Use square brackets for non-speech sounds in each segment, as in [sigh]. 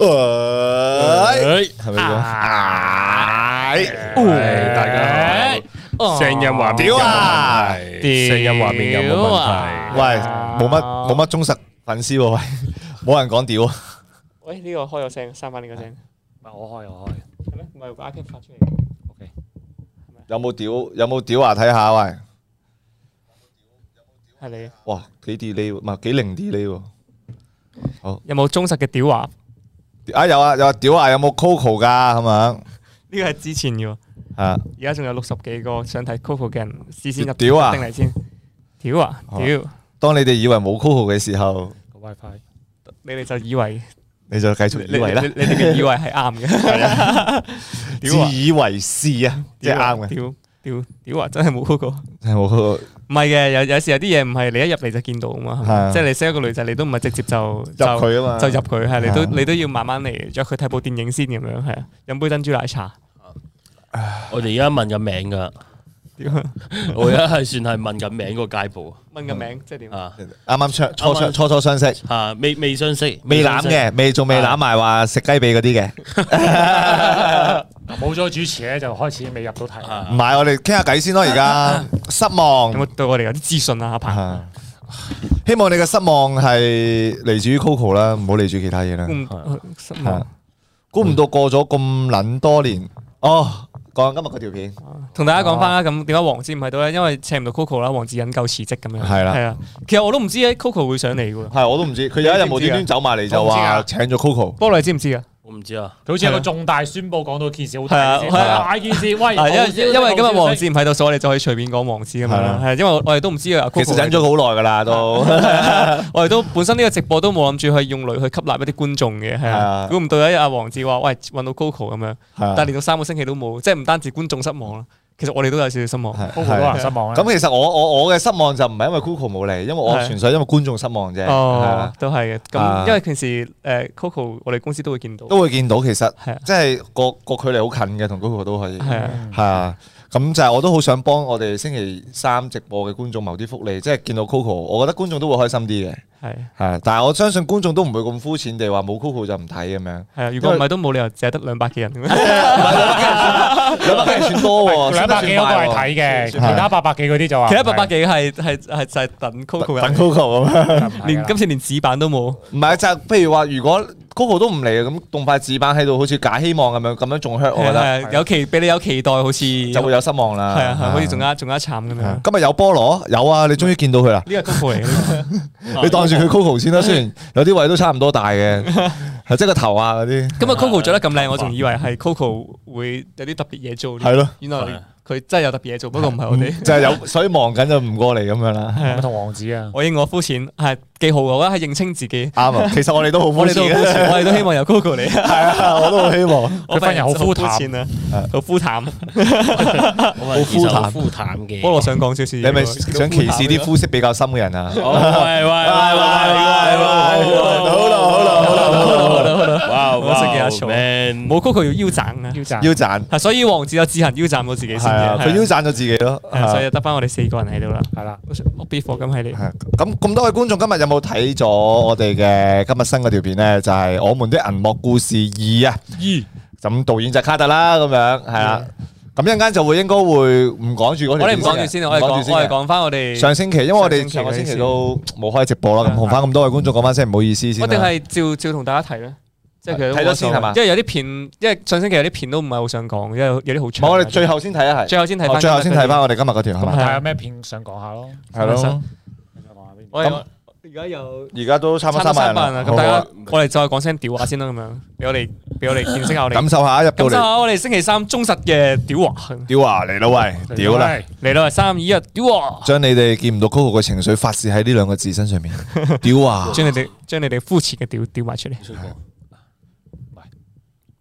哎，哎，哎，大家好，聲音話屌啊！聲音話面有冇問題？喂，冇乜冇乜忠實粉絲喎，喂，冇人講屌啊！喂，呢個開個聲，三番呢個聲，咪我開我開，係咩？咪把 icon 發出嚟？OK，有冇屌？有冇屌話睇下喂？係你？哇，幾 delay？唔係幾零 delay？好，有冇忠實嘅屌話？啊、哎、有啊有啊屌啊有冇 Coco 噶係嘛？呢個係之前嘅，係而家仲有六十幾個想睇 Coco 嘅人，試先入屌啊定嚟先屌啊屌！啊啊當你哋以為冇 Coco 嘅時候，WiFi，你哋就以為你就繼續以為啦，你哋以為係啱嘅，自以為是， [laughs] 是啊，即係啱嘅屌屌屌啊！真係冇 Coco，真係冇 Coco。唔係嘅，有有時有啲嘢唔係你一入嚟就見到啊嘛，即係的你識一個女仔，你都唔係直接就入佢啊，就入佢係，的你都你都要慢慢嚟，約佢睇部電影先咁樣，係啊，飲杯珍珠奶茶。啊、唉我哋而家問咗名㗎。我而家係算係問緊名嗰個街鋪啊，問緊名即係點啊？啱啱初初初初相識吓，未未相識，未攬嘅，未仲未攬埋話食雞髀嗰啲嘅，冇咗主持咧就開始未入到題。唔係，我哋傾下偈先咯。而家失望，有冇對我哋有啲資訊啊？阿鵬，希望你嘅失望係嚟自於 Coco 啦，唔好嚟住其他嘢啦。失望，估唔到過咗咁捻多年，哦。講今日嗰條片，同、啊、大家講翻啦。咁點解黃子唔喺度咧？因為請唔到 Coco 啦 CO，黃子引咎辭職咁樣。係啦的，係啊。其實我都唔知咧，Coco 會上嚟喎。係，我都唔知。佢有一日無端端走埋嚟，就話請咗 Coco。菠蘿，你知唔知啊？唔知啊，佢好似有個重大宣布到，講到件事好係啊，係啊，I 喂，因為，因為今日王子唔喺度，所以我哋就可以隨便講王子咁樣，係因為我哋都唔知啊，其實忍咗好耐噶啦，都 [laughs] [laughs] 我哋都本身呢個直播都冇諗住去用雷去吸納一啲觀眾嘅。係啊，估唔、啊、到有一日阿王子話喂，搵到 Coco 咁樣，但係連到三個星期都冇，即係唔單止觀眾失望啦。其實我哋都有少少失望，好多是失望咧。咁的的其實我我我嘅失望就唔係因為 Coco 冇嚟，因為我純粹因為觀眾失望啫。哦，都係嘅。咁的的因為平時誒、uh,，Coco 我哋公司都會見到，都會見到。其實的即係個個距離好近嘅，同 Coco 都可以係，係啊。的的咁就係我都好想幫我哋星期三直播嘅觀眾謀啲福利，即係見到 Coco，我覺得觀眾都會開心啲嘅。係，係，但係我相信觀眾都唔會咁膚淺地話冇 Coco 就唔睇咁樣。係啊，如果唔係都冇理由淨係得兩百幾人。兩百幾人算多喎，兩百幾嗰個係睇嘅，其他八百幾嗰啲就話。其他八百幾係係係就係等 Coco。等 Coco 啊嘛，連今次連紙板都冇。唔係就譬如話如果。Coco 都唔嚟啊！咁動塊紙板喺度，好似假希望咁樣，咁樣仲 hurt 我啦。我覺得有期俾你有期待，好似就會有失望啦。係啊，好似仲加仲加慘咁樣。今日有菠蘿，有啊，你終於見到佢啦。呢個 Coco 嚟， [laughs] [laughs] 你當住佢 Coco 先啦。雖然有啲位都差唔多大嘅， [laughs] 即係個頭啊嗰啲。今日 Coco 着得咁靚，我仲以為係 Coco 會有啲特別嘢做。係咯的，的佢真係有特別嘢做，不過唔係我哋，就係有，所以忙緊就唔過嚟咁樣啦。我同王子啊，我應我膚淺，係幾好，我覺得係認清自己。啱其實我哋都好膚淺，我哋都希望有 Coco 嚟。係啊，我都好希望。我份人好膚淺啊，好膚淺，好膚淺，膚淺嘅。不過我想講少少，你咪想歧視啲膚色比較深嘅人啊？喂喂喂喂喂！哇！冇曲佢要腰斬啊，腰斬，所以王子有自行腰斬到自己先，佢腰斬咗自己咯，所以得翻我哋四個人喺度啦，係啦。咁咁多位觀眾今日有冇睇咗我哋嘅今日新嗰條片咧？就係我們的銀幕故事二啊，二，咁導演就卡特啦咁樣，係啦，咁一陣間就會應該會唔講住嗰條，我哋唔講住先，我哋講住先講翻我哋上星期，因為我哋上個星期都冇開直播啦，咁同翻咁多位觀眾講翻聲唔好意思先，我哋係照照同大家睇。咧。即係佢睇咗先係嘛？因為有啲片，因為上星期有啲片都唔係好想講，因為有啲好長。冇，我哋最後先睇一係最後先睇最後先睇翻我哋今日嗰條係嘛？睇下咩片想講下咯？係咯。我哋而家有而家都差唔多三萬人。咁大家，我哋再講聲屌話先啦，咁樣。俾我哋俾我哋見識下你。感受下入。感受下我哋星期三忠實嘅屌話。屌話嚟啦喂！屌啦！嚟啦喂！三二一屌！將你哋見唔到 Coco 嘅情緒發泄喺呢兩個字身上面。屌話！將你哋將你哋膚淺嘅屌屌埋出嚟。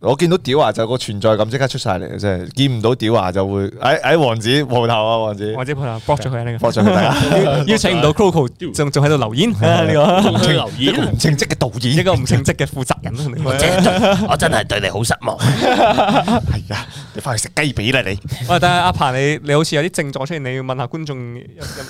我見到屌牙就個存在感即刻出晒嚟，真係見唔到屌牙就會誒誒，王子鋪頭啊，王子，王子鋪頭，駁咗佢啦，駁咗佢邀請唔到 Coco，仲仲喺度留言呢個唔請留言，唔稱職嘅導演，一個唔稱職嘅負責人，我真係對你好失望。係啊，你翻去食雞髀啦你。喂，但係阿鵬你，你好似有啲症狀出現，你要問下觀眾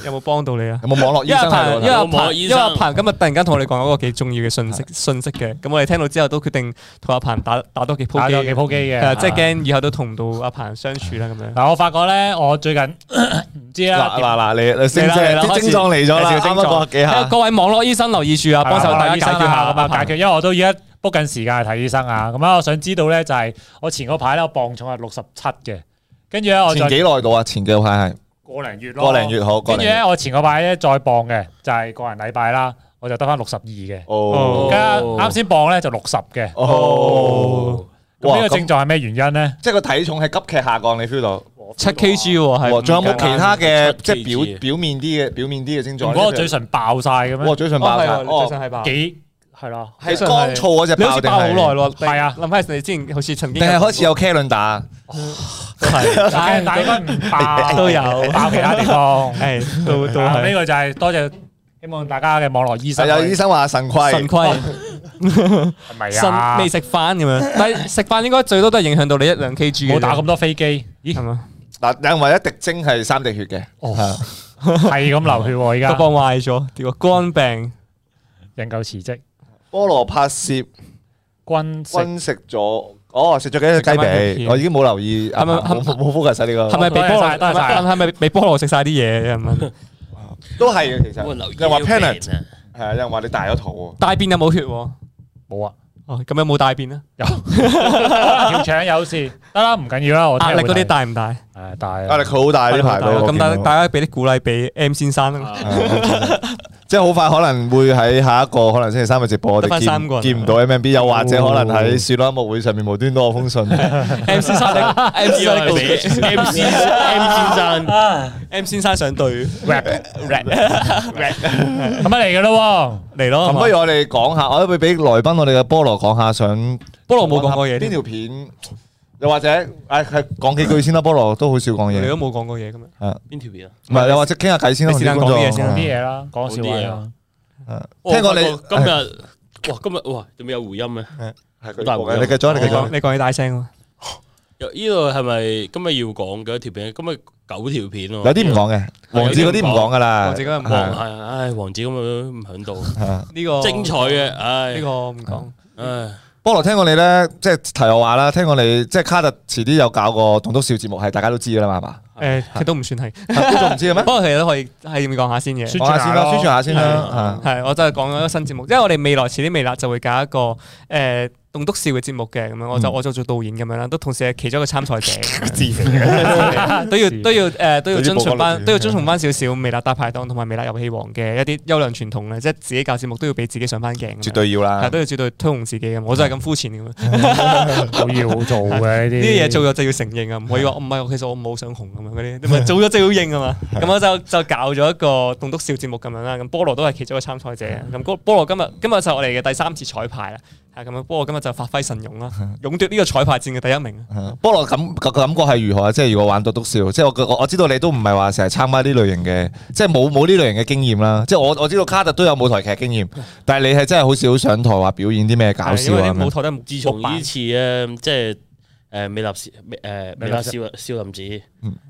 有冇幫到你啊？有冇網絡醫生？因為因為因為阿鵬今日突然間同我哋講嗰個幾重要嘅信息信息嘅，咁我哋聽到之後都決定同阿鵬打打多。鋪機又幾鋪機嘅，即係驚以後都同唔到阿彭相處啦咁樣。嗱，我發覺咧，我最近唔知啦。嗱嗱，你你先即係啲症狀嚟咗啊，啱啱講下記下。各位網絡醫生留意住啊，幫手大家解決下咁啊，解決。因為我都而家 book 緊時間去睇醫生啊。咁啊，我想知道咧就係我前嗰排咧我磅重係六十七嘅，跟住咧我前幾耐度啊，前幾排係個零月咯，個零月好。跟住咧我前嗰排咧再磅嘅，就係個人禮拜啦。.我就得翻六十二嘅，哦，而家啱先磅咧就六十嘅。哦，呢個症狀係咩原因咧？即係個體重係急劇下降，你 feel 到？七 Kg 係，仲有冇其他嘅即係表表面啲嘅表面啲嘅症狀？嗰個嘴唇爆晒嘅咩？哇！嘴唇爆晒，哦，幾係啦，係乾燥嗰隻爆定係？你都爆好耐咯，係啊。林先生你之前好似曾經定係開始有 carry 打，但打都有爆其他地方，係都都。呢個就係多謝。希望大家嘅網絡醫生有醫生話腎虧，腎虧係咪啊？未食飯咁樣，但係食飯應該最多都係影響到你一兩 Kg 嘅。冇打咁多飛機，咦？係嘛？嗱，因為一滴精係三滴血嘅。哦，係，係咁流血而家都崩壞咗。點肝病引咎辭職。菠蘿拍攝，君君食咗，哦食咗幾隻雞髀，我已經冇留意，啱啱冇 focus 呢個，係咪俾菠蘿？都係，係咪俾菠蘿食晒啲嘢？都係嘅，其實又話 panic，係啊，又話你大咗肚，大便又冇血，冇啊。哦，咁有冇大變咧？有，要請有事得啦，唔緊要啦，我力多啲大唔大？誒，大啊！力佢好大呢排都，咁大大家俾啲鼓勵俾 M 先生啦，即係好快可能會喺下一個可能星期三嘅直播，得翻三個人見唔到 MMB，又或者可能喺雪拉音樂會上面無端端有封信。M 先生，M 先生，M 先生，M 先生想對 rap rap rap，咁咪嚟噶咯，嚟咯，咁不如我哋講下，我都會俾來賓我哋嘅菠蘿。講下想菠蘿冇講過嘢，呢條片？又或者誒，係講幾句先啦。菠蘿都好少講嘢，你都冇講過嘢噉樣？邊條片啊？唔係，又或者傾下偈先啦。你時間講啲嘢先啦。啲嘢啦，講少啲嘢啦。聽講你今日哇，今日哇，仲未有回音咩？係佢大嘅，你繼續，你講，你講起大聲咯。又呢度係咪今日要講嘅一條片？今日九條片喎。有啲唔講嘅，王子嗰啲唔講㗎喇。王子今日唔講，係唉，王子咁樣唔響度。呢個精彩嘅，唉，呢個唔講。嗯，菠蘿唉聽過你咧，即係提我話啦，聽過你即係卡特遲啲有搞過棟篤笑節目，係大家都知噶啦嘛，係嘛，呃？誒是，都唔算係，都仲唔知嘅咩？不過其實都可以係咁講下先嘅，宣傳下，先。宣傳下先啦。係，我真係講咗一個新節目， [laughs] 因為我哋未來遲啲未，未來就會搞一個誒。呃棟篤笑嘅節目嘅咁樣，我就我就做導演咁樣啦，都同時係其中一個參賽者，都要都要誒都要遵崇翻，都要遵崇翻少少。微辣大排檔同埋微辣遊戲王嘅一啲優良傳統咧，即係自己搞節目都要俾自己上翻鏡。絕對要啦，都要絕對推紅自己嘅。我就係咁膚淺咁樣，要做嘅呢啲。嘢，做咗就要承認啊，唔可以話唔係。其實我冇想紅咁樣嗰啲，你咪做咗即要認啊嘛。咁我就就搞咗一個棟篤笑節目咁樣啦。咁菠蘿都係其中一個參賽者。咁菠菠蘿今日今日就我哋嘅第三次彩排啦。咁啊！不過今日就發揮神勇啦，勇奪呢個彩排戰嘅第一名。菠蘿感個感覺係如何？即係如果玩到篤笑，即係我我知道你都唔係話成日參加呢類型嘅，即係冇冇呢類型嘅經驗啦。即係我我知道卡特都有舞台劇經驗，但係你係真係好少上台話表演啲咩搞笑啊！舞台都唔知呢次咧，即係誒美立少、呃、美立少少林子，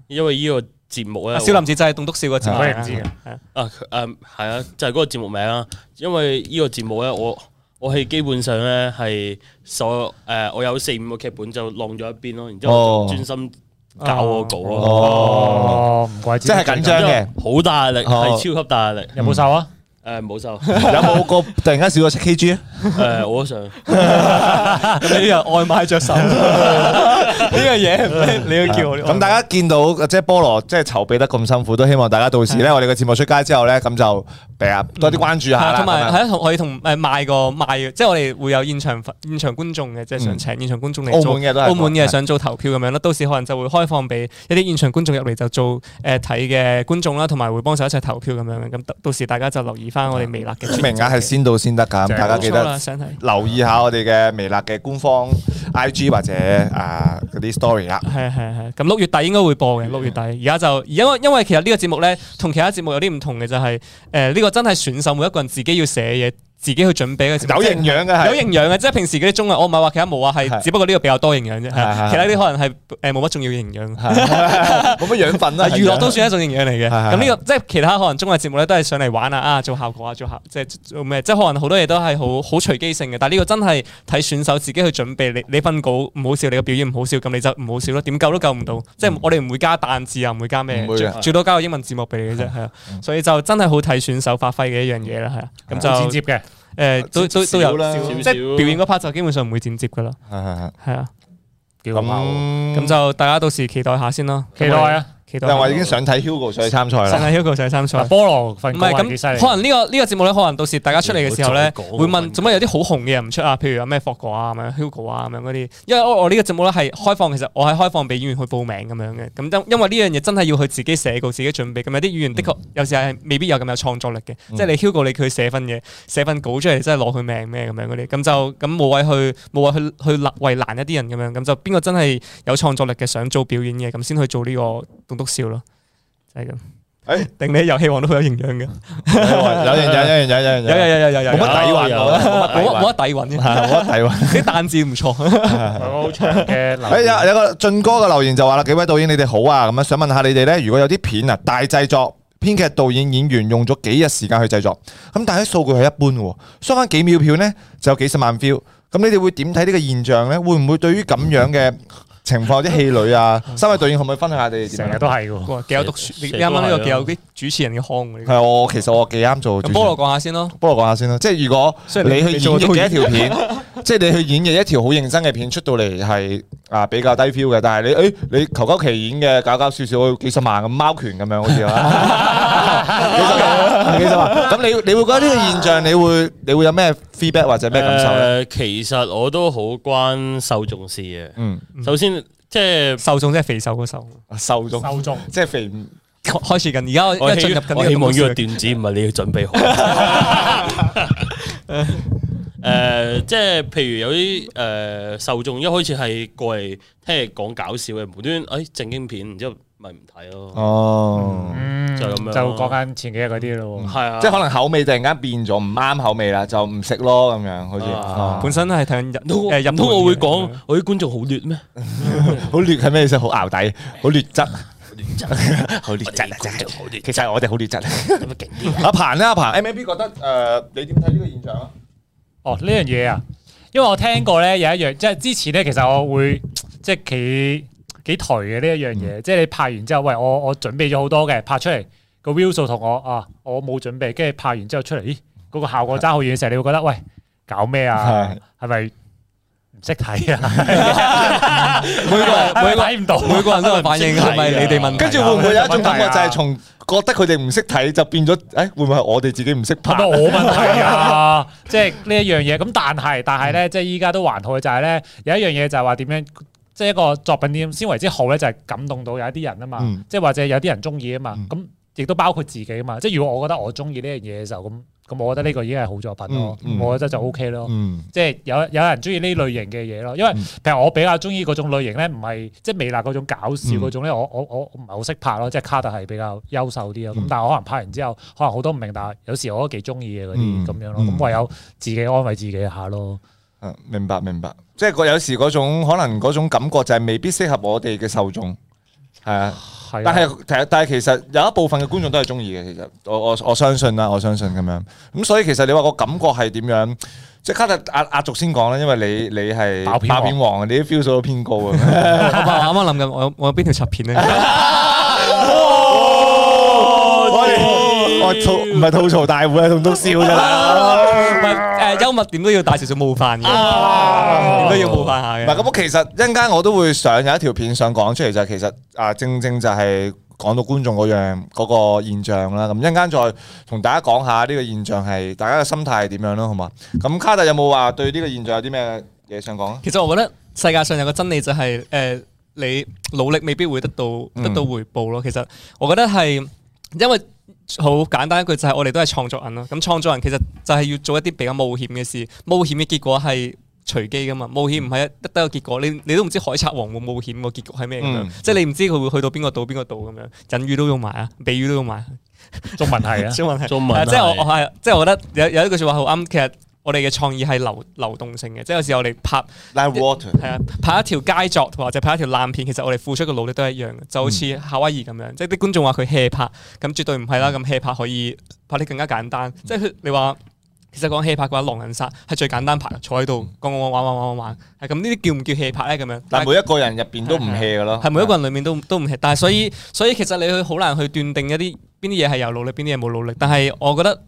因為呢個節目咧，少、啊、我林子真係棟篤笑嘅節目嚟嘅。啊誒係啊，嗯、就係、是、嗰個節目名啊，因為呢個節目咧我。我係基本上咧係所誒，我有四五個劇本就晾咗一邊咯，然之後專心教我稿咯。哦，唔怪之，即係緊張嘅，好大壓力，係超級大壓力。有冇瘦啊？誒，冇瘦。有冇個突然間少咗七 K G 啊？誒，我都想。你由外賣着手呢個嘢，你要叫我。咁大家見到即係菠蘿，即係籌備得咁辛苦，都希望大家到時咧，我哋嘅節目出街之後咧，咁就。多啲關注下同埋，係同可以同誒賣個賣，即係我哋會有現場現場觀眾嘅，即係想請現場觀眾嚟做。澳門嘅都係澳門嘅，想做投票咁樣啦，到時可能就會開放俾一啲現場觀眾入嚟就做誒睇嘅觀眾啦，同埋會幫手一齊投票咁樣。咁到到時大家就留意翻我哋微辣嘅名額係先到先得㗎，大家記得留意下我哋嘅微辣嘅官方 IG 或者啊嗰啲 story 啦。係啊係係。咁六月底應該會播嘅，六月底而家就而家因為其實呢個節目咧同其他節目有啲唔同嘅就係誒呢個。我真係選手，每一個人自己要寫嘢。自己去準備嘅，有營養嘅，有營養嘅，即係平時嗰啲綜藝，我唔係話其他冇啊，係只不過呢個比較多營養啫。其他啲可能係誒冇乜重要營養，冇乜養分啦。娛樂都算一種營養嚟嘅。咁呢個即係其他可能綜藝嘅節目咧，都係上嚟玩啊，啊做效果啊，做效即係做咩？即係可能好多嘢都係好好隨機性嘅。但係呢個真係睇選手自己去準備，你分稿唔好笑，你嘅表演唔好笑，咁你就唔好笑咯。點救都救唔到。即係我哋唔會加彈字啊，唔會加咩，最多加個英文字幕俾你嘅啫。係啊，所以就真係好睇選手發揮嘅一樣嘢啦。係啊，咁就接嘅。誒、呃、都都都有啦，即係表演嗰 part 就基本上唔會剪接噶啦。係、嗯、啊，係，係啊、嗯，咁就大家到時期待下先啦，期待啊！天又我已經想睇 Hugo 上去參賽啦，想睇 Hugo 上去參賽、啊。菠蘿份工幾犀利。可能呢個呢個節目咧，可能到時大家出嚟嘅時候咧，會問做乜有啲好紅嘅人唔出啊？譬如有咩霍哥啊、咁樣 Hugo 啊、咁樣嗰啲。因為我呢個節目咧係開放，其實我係開放俾演員去報名咁樣嘅。咁因因為呢樣嘢真係要去自己寫稿、自己準備。咁有啲演員的確、嗯、有時係未必有咁有創作力嘅。嗯、即係你 Hugo 你佢寫份嘢、寫份稿出嚟，真係攞佢命咩咁樣嗰啲。咁就咁冇謂去冇謂去冇謂去去為難一啲人咁樣。咁就邊個真係有創作力嘅想做表演嘅，咁先去做呢個。都笑咯，就係咁。誒，定你遊戲王都好有營養嘅，有營養，有營養，有有有有有冇乜底蘊冇乜冇乜底蘊嘅，冇乜底蘊。啲彈字唔錯，好長嘅。誒，有有個俊哥嘅留言就話啦，幾位導演你哋好啊，咁樣想問下你哋咧，如果有啲片啊，大製作，編劇、導演、演員用咗幾日時間去製作，咁但係啲數據係一般嘅，收翻幾秒票咧就有幾十萬票，咁你哋會點睇呢個現象咧？會唔會對於咁樣嘅？情況啲戲女啊，三位導演可唔可以分享下你哋？成日都係喎，幾、哦、有讀書，啱啱呢個幾有啲主持人嘅腔喎。我其實我幾啱做。咁菠蘿講下先咯。菠蘿講下先咯，即係如果你去演繹一條片，即係 [laughs] 你去演繹一條好認真嘅片出到嚟係啊比較低 feel 嘅，但係你誒、欸、你求求其演嘅搞搞笑笑，幾十萬咁貓拳咁樣好似啊。 [laughs] [laughs] 其實，其實，咁你你會覺得呢個現象，你會你會有咩 feedback 或者咩感受咧？其實我都好關受眾事嘅。嗯，首先、即係、眾即係受眾即係肥瘦嗰手，受眾，受眾即係肥開始緊。而家我進入，我希望呢個段子，唔係你要準備好。誒、 [laughs] 呃，即係譬如有啲誒、呃、受眾一開始係過嚟聽講搞笑嘅，無端誒正經片，然之後。咪唔睇咯。不不啊、哦，就咁樣、啊，就講緊前幾日嗰啲咯。係啊，即係可能口味突然間變咗，唔啱口味啦，就唔食咯咁樣。好似、啊、本身係睇入誒通，我會講我啲觀眾好劣咩？好劣係咩意思？好拗底，好劣質，劣質，好劣質，真係，其實我哋好劣質。阿彭咧，阿彭 MMB 覺得誒，你點睇呢個現象啊？哦，呢樣嘢啊，因為我聽過咧有一樣，即係之前咧，其實我會即係企。幾頹嘅呢一樣嘢，即係你拍完之後，喂，我我準備咗好多嘅拍出嚟個 view 同我啊，我冇準備，跟住拍完之後出嚟，咦，嗰個效果差好遠嘅時候，你會覺得喂，搞咩啊？係咪唔識睇啊？每個每個睇唔到，每個人都有反應，係咪你哋問題？跟住會唔會有一種感覺，就係從覺得佢哋唔識睇，就變咗誒？會唔會係我哋自己唔識拍？我問題啊，即係呢一樣嘢。咁但係但係咧，即係依家都還好，就係咧有一樣嘢就係話點樣。即係一個作品點先為之好咧，就係、是、感動到有一啲人啊嘛，即係、嗯、或者有啲人中意啊嘛，咁亦都包括自己啊嘛。即係如果我覺得我中意呢樣嘢嘅時候，咁咁我覺得呢個已經係好作品咯。嗯嗯、我覺得就 O K 咯，嗯、即係有有人中意呢類型嘅嘢咯。因為譬如我比較中意嗰種類型咧，唔係即係微辣嗰種搞笑嗰種咧，我我我唔係好識拍咯，即係卡特係比較優秀啲咯。咁、嗯、但係我可能拍完之後，可能好多唔明白，有時我都幾中意嘅嗰啲咁樣咯。咁唯有自己安慰自己一下咯。明白明白。即係有時嗰種可能嗰種感覺就係未必適合我哋嘅受眾，係啊，啊但係但係其實有一部分嘅觀眾都係中意嘅，其實我我我相信啦，我相信咁樣。咁所以其實你話個感覺係點樣？即係卡特壓壓軸先講啦，因為你你係爆片王，你啲 feel 數都偏高啊！我啱諗我有 [laughs] [laughs] 我邊條插片咧？我吐，唔係吐槽大會啊，同都笑㗎啦～誒，幽默點都要帶少少冒犯嘅，點、啊、都要冒犯下嘅。唔係咁，其實一陣間我都會想有一條片想講出嚟，就係、是、其實啊，正正就係講到觀眾嗰樣嗰、那個現象啦。咁一陣間再同大家講下呢個現象係大家嘅心態係點樣咯，好嘛？咁卡特有冇話對呢個現象有啲咩嘢想講啊？其實我覺得世界上有個真理就係、是、誒、呃，你努力未必會得到、嗯、得到回報咯。其實我覺得係因為。好簡單一句就係、是、我哋都係創作人咯，咁創作人其實就係要做一啲比較冒險嘅事，冒險嘅結果係隨機噶嘛，冒險唔係一得一個結果，你你都唔知海賊王會冒險個結局係咩，嗯、即係你唔知佢會去到邊個島邊個島咁樣。隱喻都用埋啊，比喻都用埋，中文係啊，中 [laughs] 文係中文，即係我我係即係我覺得有有一句説話好啱，其實。我哋嘅創意係流流動性嘅，即係有時候我哋拍，Line Light Water》，係啊，拍一條佳作，或者拍一條爛片，其實我哋付出嘅努力都係一樣嘅。就好似夏威夷咁樣，嗯、即係啲觀眾話佢 hea 拍，咁絕對唔係啦。咁 hea 拍可以拍得更加簡單。嗯、即係你話，其實講 hea 拍嘅話，狼人殺係最簡單拍，坐喺度，玩玩玩玩玩玩，係咁、啊。叫叫呢啲叫唔叫 hea 拍咧？咁樣，但係每一個人入邊都唔 hea 嘅咯，係每一個人裏面都都唔 hea 但係所以所以，所以其實你去好難去斷定一啲邊啲嘢係有努力，邊啲嘢冇努力。但係我覺得。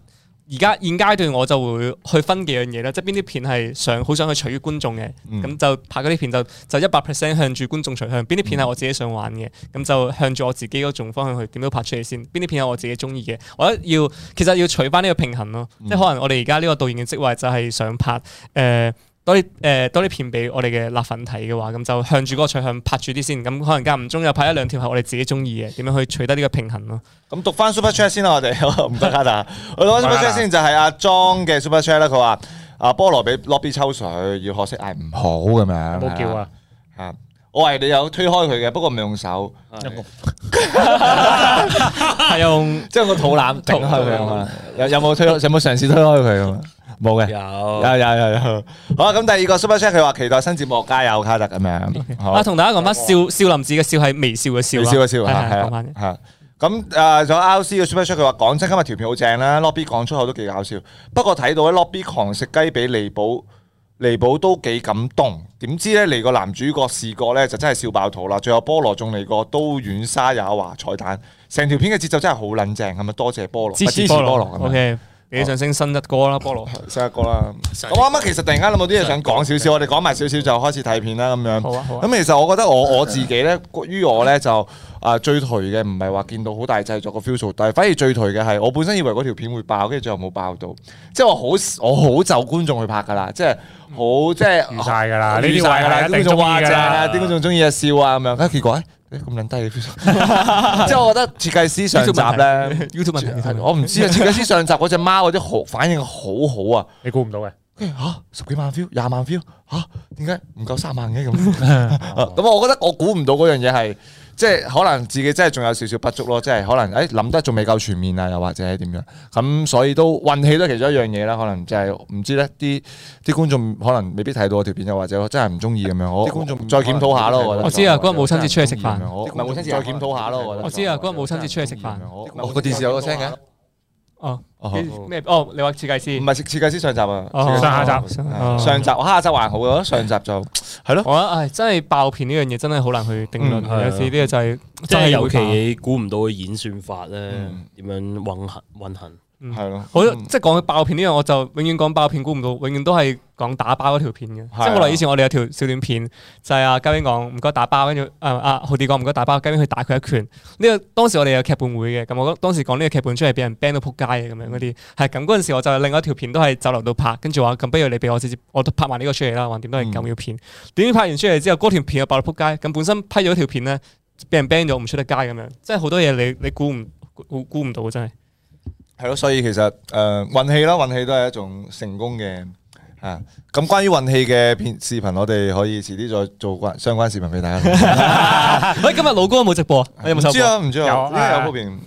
而家現，現階段我就會去分幾樣嘢啦。即係邊啲片係想好想去取於觀眾嘅？咁、嗯、就拍嗰啲片就就一百 percent 向住觀眾取向。邊啲片係我自己想玩嘅？咁就向住我自己嗰種方向去點都拍出嚟先。邊啲片係我自己中意嘅，我覺得要其實要取翻呢個平衡咯，嗯、即係可能我哋而家呢個導演嘅職位就係想拍誒。呃多啲誒，多啲片俾我哋嘅辣粉睇嘅話，咁就向住嗰個取向拍住啲先，咁可能間唔中又拍一兩條係我哋自己中意嘅，點樣去取得呢個平衡咯。咁讀翻 Super Chat 先啦，我哋唔得噶啦， [laughs] 啊、 [laughs] 我讀 Super Chat 先就係、是、阿莊嘅 Super Chat 啦。佢話：阿菠蘿俾 lobby 抽水，要學識嗌唔好咁樣。冇叫啊！嚇，我、哎、係你有推開佢嘅，不過唔用手，一用即係個肚腩頂開佢。 [laughs] 有冇推？有冇嘗試推開佢？冇嘅，有有有有有。好啦，咁第二個 Super Chat 佢話期待新節目加油卡特咁樣。啊，同大家講翻少少林寺嘅笑係微笑嘅笑，微笑嘅笑係係係。咁啊，仲有 L C 嘅 Super Chat 佢話講真今日條片好正啦，Lobby 講出口都幾搞笑。不過睇到 l o b b y 狂食雞俾尼寶，尼寶都幾感動。點知咧嚟個男主角試過咧就真係笑爆肚啦。最後菠蘿仲嚟過刀丸沙也華彩蛋，成條片嘅節奏真係好撚正咁啊！多謝菠蘿支持菠蘿。OK。你想升新一哥啦，菠蘿新一哥啦。咁啱啱其實突然間有冇啲嘢想講少少？嗯、我哋講埋少少就開始睇片啦咁樣。咁、啊啊嗯、其實我覺得我我自己咧，於我咧就、嗯、啊最頹嘅唔係話見到好大製作嘅 feel，但係反而最頹嘅係我本身以為嗰條片會爆，跟住最後冇爆到。即、就、係、是、我好我好遷就觀眾去拍㗎啦。就是嗯、即係好即係。唔晒㗎啦。呢啲曬㗎啦。啲觀眾中意啊笑啊咁樣。咁結果誒，咁撚低嘅票數即係我覺得設計師上集咧，YouTube 問題, YouTube 問題 YouTube 我唔知啊。 [laughs] 設計師上集嗰隻貓嗰啲好反應好好啊，你估唔到嘅。跟住吓，十幾萬 view，廿萬 view，吓點解唔夠三萬嘅咁？咁 [laughs] [laughs] 我覺得我估唔到嗰樣嘢係。即係可能自己真係仲有少少不足咯，即係可能誒諗、哎、得仲未夠全面啊，又或者點樣咁、嗯，所以都運氣都其中一樣嘢啦。可能就係、是、唔知咧，啲啲觀眾可能未必睇到嗰條片，又或者真係唔中意咁樣，好啲觀眾再檢討下咯。我知啊，嗰日冇親自出嚟食飯，唔冇再檢討下咯，我知啊，嗰日冇親自出嚟食飯。我個電視有個聲嘅。哦。咩、哦？哦，你話設計師唔係食設計師上集啊，哦、上下集、哦、上集、哦、下集還好咯，上集就係咯。 [laughs] 了我覺得唉、哎，真係爆片呢樣嘢，真係好難去定論。有時呢個就係真係，真尤其估唔到嘅演算法咧點、嗯、樣運行運行。係咯，嗯嗯、好即係講爆片呢樣，嗯、我就永遠講爆片估唔到，永遠都係講打包嗰條片嘅。啊、即係好耐以前，我哋有條小短片，就係阿嘉賓講唔該打包，跟住啊，阿浩弟講唔該打包，嘉賓去打佢一拳。呢、這個當時我哋有劇本會嘅，咁我當時講呢個劇本出嚟，俾人 ban 到撲街嘅咁樣嗰啲，係咁嗰陣時我就係另外一條片都係酒樓度拍，跟住話咁不如你俾我直接，我都拍埋呢個出嚟啦，橫掂都係搞笑片。點知、嗯、拍完出嚟之後，嗰條片又爆到撲街，咁本身批咗條片咧俾人 ban 咗，唔出得街咁樣，即係好多嘢你你估唔估估唔到真係。真係咯，所以其實誒運氣啦，運氣都係一種成功嘅啊。咁關於運氣嘅片視頻， [laughs] 我哋可以遲啲再做關相關視頻俾大家。喂， [laughs] [laughs] 今日老高有冇直播啊？有冇收播？唔知啊，唔知啊，有邊。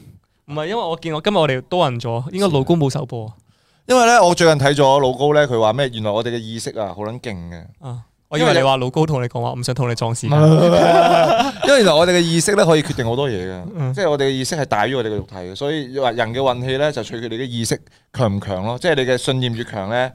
唔係，因為我見我今日我哋多人咗，應該老高冇收播、啊。因為咧，我最近睇咗老高咧，佢話咩？原來我哋嘅意識啊，好捻勁嘅。啊！我以為你話老高同你講話唔想同你裝事。 [laughs] [laughs] 因為原來我哋嘅意識咧可以決定好多嘢嘅，嗯、即係我哋嘅意識係大於我哋嘅肉體嘅，所以話人嘅運氣咧就取決你嘅意識強唔強咯。即係你嘅信念越強咧，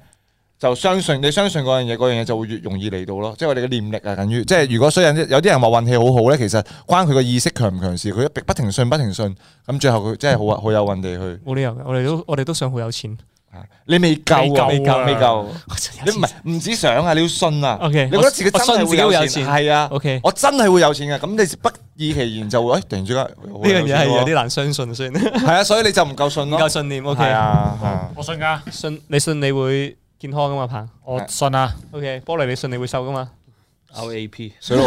就相信你相信嗰樣嘢，嗰樣嘢就會越容易嚟到咯。即係我哋嘅念力啊，等於即係如果所以有啲人話運氣好好咧，其實關佢個意識強唔強事，佢不停信不停信，咁最後佢真係好好、嗯、有運地去。冇理由嘅，我哋都我哋都想好有錢。你未夠啊！未夠未夠，你唔係唔止想啊，你要信啊！你覺得自己真係會有錢？係啊！我真係會有錢嘅，咁你不期而然就會誒，突然之間呢樣嘢係有啲難相信先。係啊，所以你就唔夠信咯。唔夠信念，OK 啊！我信噶，信你信你會健康噶嘛？彭，我信啊！OK，菠蘿你信你會瘦噶嘛？O A P 可以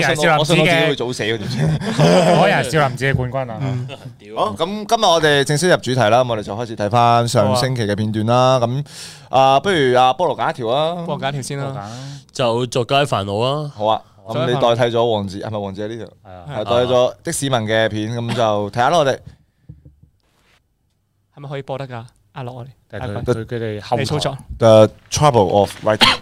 係少林寺嘅，早死嗰段先，可以係少林寺嘅冠軍啊！咁今日我哋正式入主題啦，我哋就開始睇翻上星期嘅片段啦。咁啊，不如阿菠羅揀一條啊，菠羅揀一條先啦，就《逐街煩惱》啊，好啊，咁你代替咗王子，係咪王子呢條？係啊，代替咗的士民嘅片，咁就睇下咯，我哋係咪可以播得噶？阿樂，我哋，佢哋後尾操作，The Trouble of Right。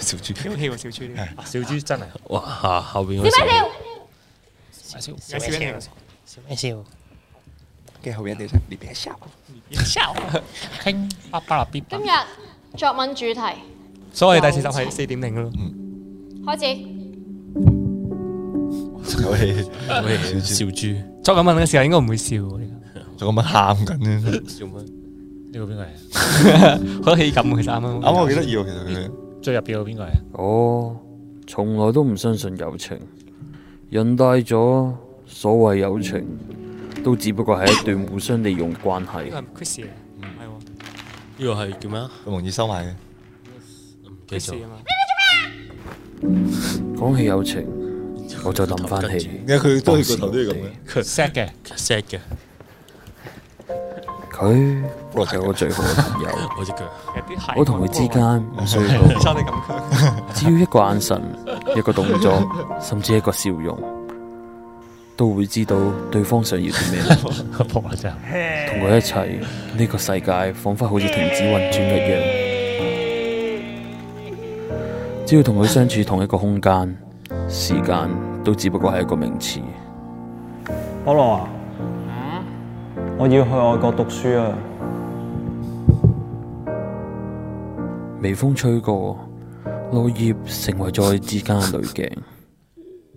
小豬，好氣喎！小豬，小豬真係，哇吓後邊嗰少咩笑？少咩笑？少咩笑？嘅後邊嗰啲聲，你邊係笑？笑，傾阿巴拉比。今日作文主題，所謂第四集係四點零咯。嗯，開始。好氣，好氣！小豬，作文嘅時候應該唔會笑，就咁樣喊緊嘅。笑咩？呢個邊個啊？好有氣感，其實啱啊。啱，我幾得意啊，其實。最入邊係邊個嚟？我從來都唔相信友情。人大咗，所謂友情都只不過係一段互相利用關係。呢個係 Chris，唔係喎。呢個係叫咩？王宇收買嘅。Chris 啊嘛。講起友情，我就諗翻起。而家佢都係個頭都係咁嘅。set 嘅，set 嘅。佢係、哎、我，我最好嘅朋友， [laughs] 我同佢腳之間唔 [laughs] 需要講， [laughs] 只要一個眼神、 [laughs] 一個動作，甚至一個笑容，都會知道對方想要啲咩。同佢 [laughs] 娘一齊，呢、這個世界仿佛好似停止運轉一樣。 [laughs] 只要同佢相處同一個空間，時間都只不過係一個名詞。菠蘿啊！我要去外國讀書啊！微風吹過，落葉成為咗之間嘅濾鏡。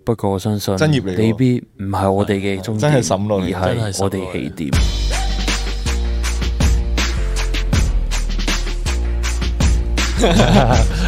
[laughs] 不過我相信，離別唔係我哋嘅終點， [laughs] 真而係我哋起點。 [laughs] [laughs]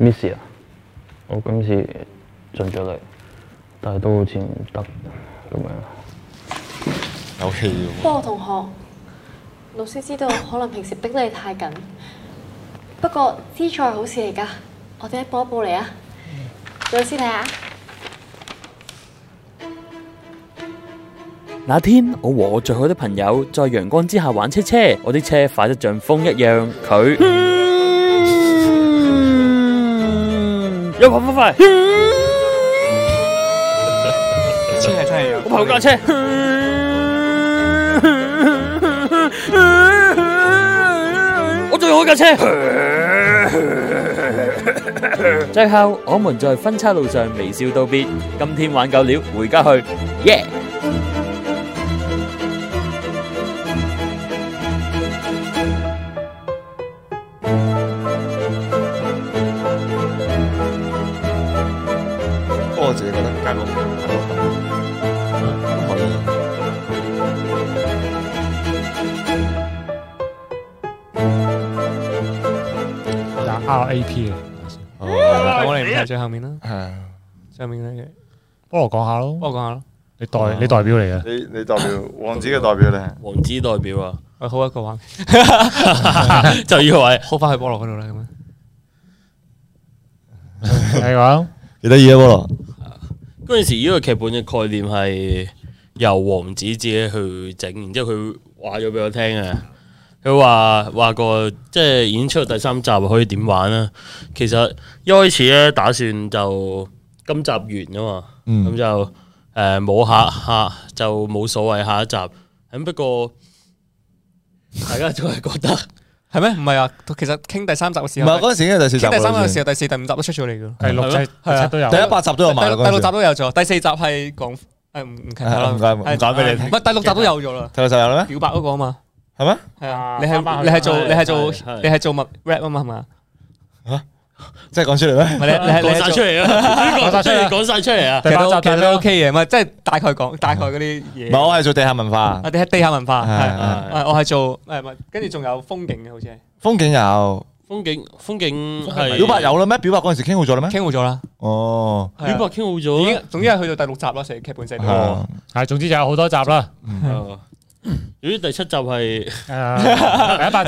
Miss 啊，我今次盡咗力，但係都好似唔得咁樣。有氣冇？不過同學，老師知道可能平時逼你太緊，不過知錯係好事嚟噶。我哋喺補一補嚟啊！老師你啊！那天我和我最好的朋友在陽光之下玩車車，我的車快得像風一樣，佢。要冇咁快，真係真係，我跑過架車，我仲有架車，最後我們在分叉路上微笑道別，今天玩夠了，回家去，耶。後面啦，係上面咧。菠蘿講下咯，菠蘿講下咯。你代你代表嚟嘅，你你代表王子嘅代表咧，王子代表啊，好一個玩，就呢個位 hold 翻喺菠蘿嗰度啦。咁樣，你講，你得意啊菠蘿。嗰陣時呢個劇本嘅概念係由王子自己去整，然之後佢話咗俾我聽啊。佢話話個即係已經出到第三集可以點玩啦？其實一開始咧打算就今集完啊嘛，咁就誒摸下吓，就冇所謂下一集。咁不過大家都係覺得係咩？唔係啊，其實傾第三集嘅時候，唔係嗰陣時已經第四集啦。第三集嘅時候，第四、第五集都出咗嚟嘅，係六七、都有，第一集都有埋。第六集都有咗，第四集係講誒唔唔傾，係啦唔該，係講俾你聽。唔係第六集都有咗啦，第六集有咩？表白嗰個啊嘛。係咩？係啊！你係你係做你係做你係做物 rap 啊嘛？係嘛？啊！即係講出嚟咩？咪你你講晒出嚟啊！講晒出嚟，講晒出嚟啊！其實其實都 OK 嘅，唔係即係大概講大概嗰啲嘢。唔係我係做地下文化，我哋係地下文化係，我係做誒，跟住仲有風景嘅，好似係風景有風景風景係表白有啦咩？表白嗰陣時傾好咗啦咩？傾好咗啦。哦，表白傾好咗，已經，總之係去到第六集啦，成劇本寫到係，總之就有好多集啦。如果、嗯、第七集係、啊、 [laughs] 第一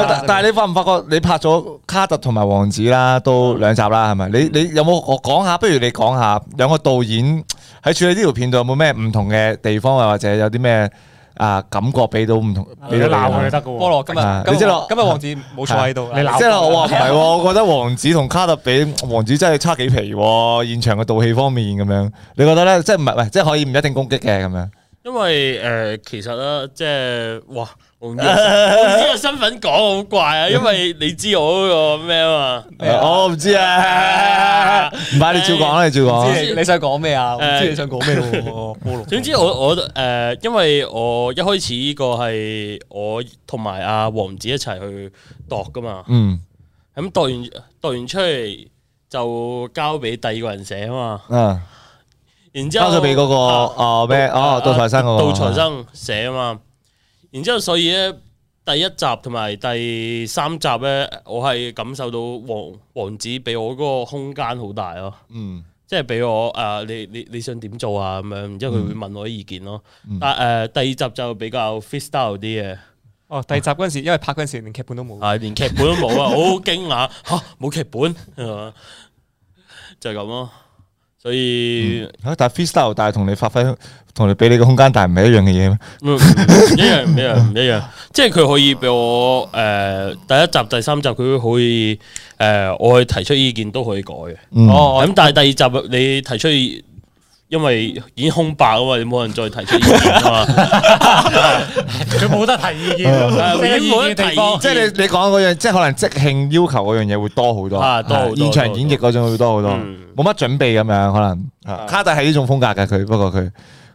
集，但係你有有發唔發覺你拍咗卡特同埋王子啦，都兩集啦，係咪？你你有冇我講下？不如你講下，兩個導演喺處理呢條片度有冇咩唔同嘅地方，又或者有啲咩啊感覺俾到唔同？俾咗鬧佢得噶，菠蘿今日你、啊、今日王子冇坐喺度，啊啊、你即係我話唔係， [laughs] 我覺得王子同卡特比，王子真係差幾皮，啊、現場嘅導戲方面咁樣，你覺得咧？即係唔係喂？即係可以唔一定攻擊嘅咁樣。因為誒、呃，其實咧，即係哇，我唔知呢個 [laughs] 身份講好怪啊，因為你知我嗰個咩啊嘛，我唔知啊，唔係你照講啦，你照講，你想講咩啊？我唔知你想講咩咯？總之、呃、我 [laughs] 我誒、呃，因為我一開始呢個係我同埋阿王子一齊去度噶嘛，嗯，咁度完度完出嚟就交俾第二個人寫啊嘛，嗯。然之後交俾嗰個哦咩哦杜財生、那個杜財生寫啊嘛，然之後所以咧第一集同埋第三集咧，我係感受到王王子俾我嗰個空間好大咯、嗯啊啊，嗯，即係俾我誒你你你想點做啊咁樣，之後佢會問我啲意見咯，但誒第二集就比較 freestyle 啲嘅，哦第二集嗰陣時因為拍嗰陣時連劇本都冇，係 [laughs] 連劇本都冇啊，好驚訝吓冇劇本就係咁咯。就是所以嚇、嗯啊，但係 freestyle，但係同你發揮，同你俾你個空間，但係唔係一樣嘅嘢咩？唔、嗯、一樣，唔一樣，唔一樣。 [laughs] 即係佢可以俾我誒、呃、第一集、第三集，佢可以誒、呃、我去提出意見都可以改嘅。嗯、哦，咁但係第二集你提出。因為已經空白啊嘛，你冇人再提出意見啊嘛，佢冇 [laughs] [laughs] 得提意見，冇 [laughs] 地方即。即係你你講嗰樣，即係可能即興要求嗰樣嘢會多好多啊多多，現場演繹嗰種會多好多，冇乜、嗯、準備咁樣可能。啊、卡特係呢種風格嘅佢，不過佢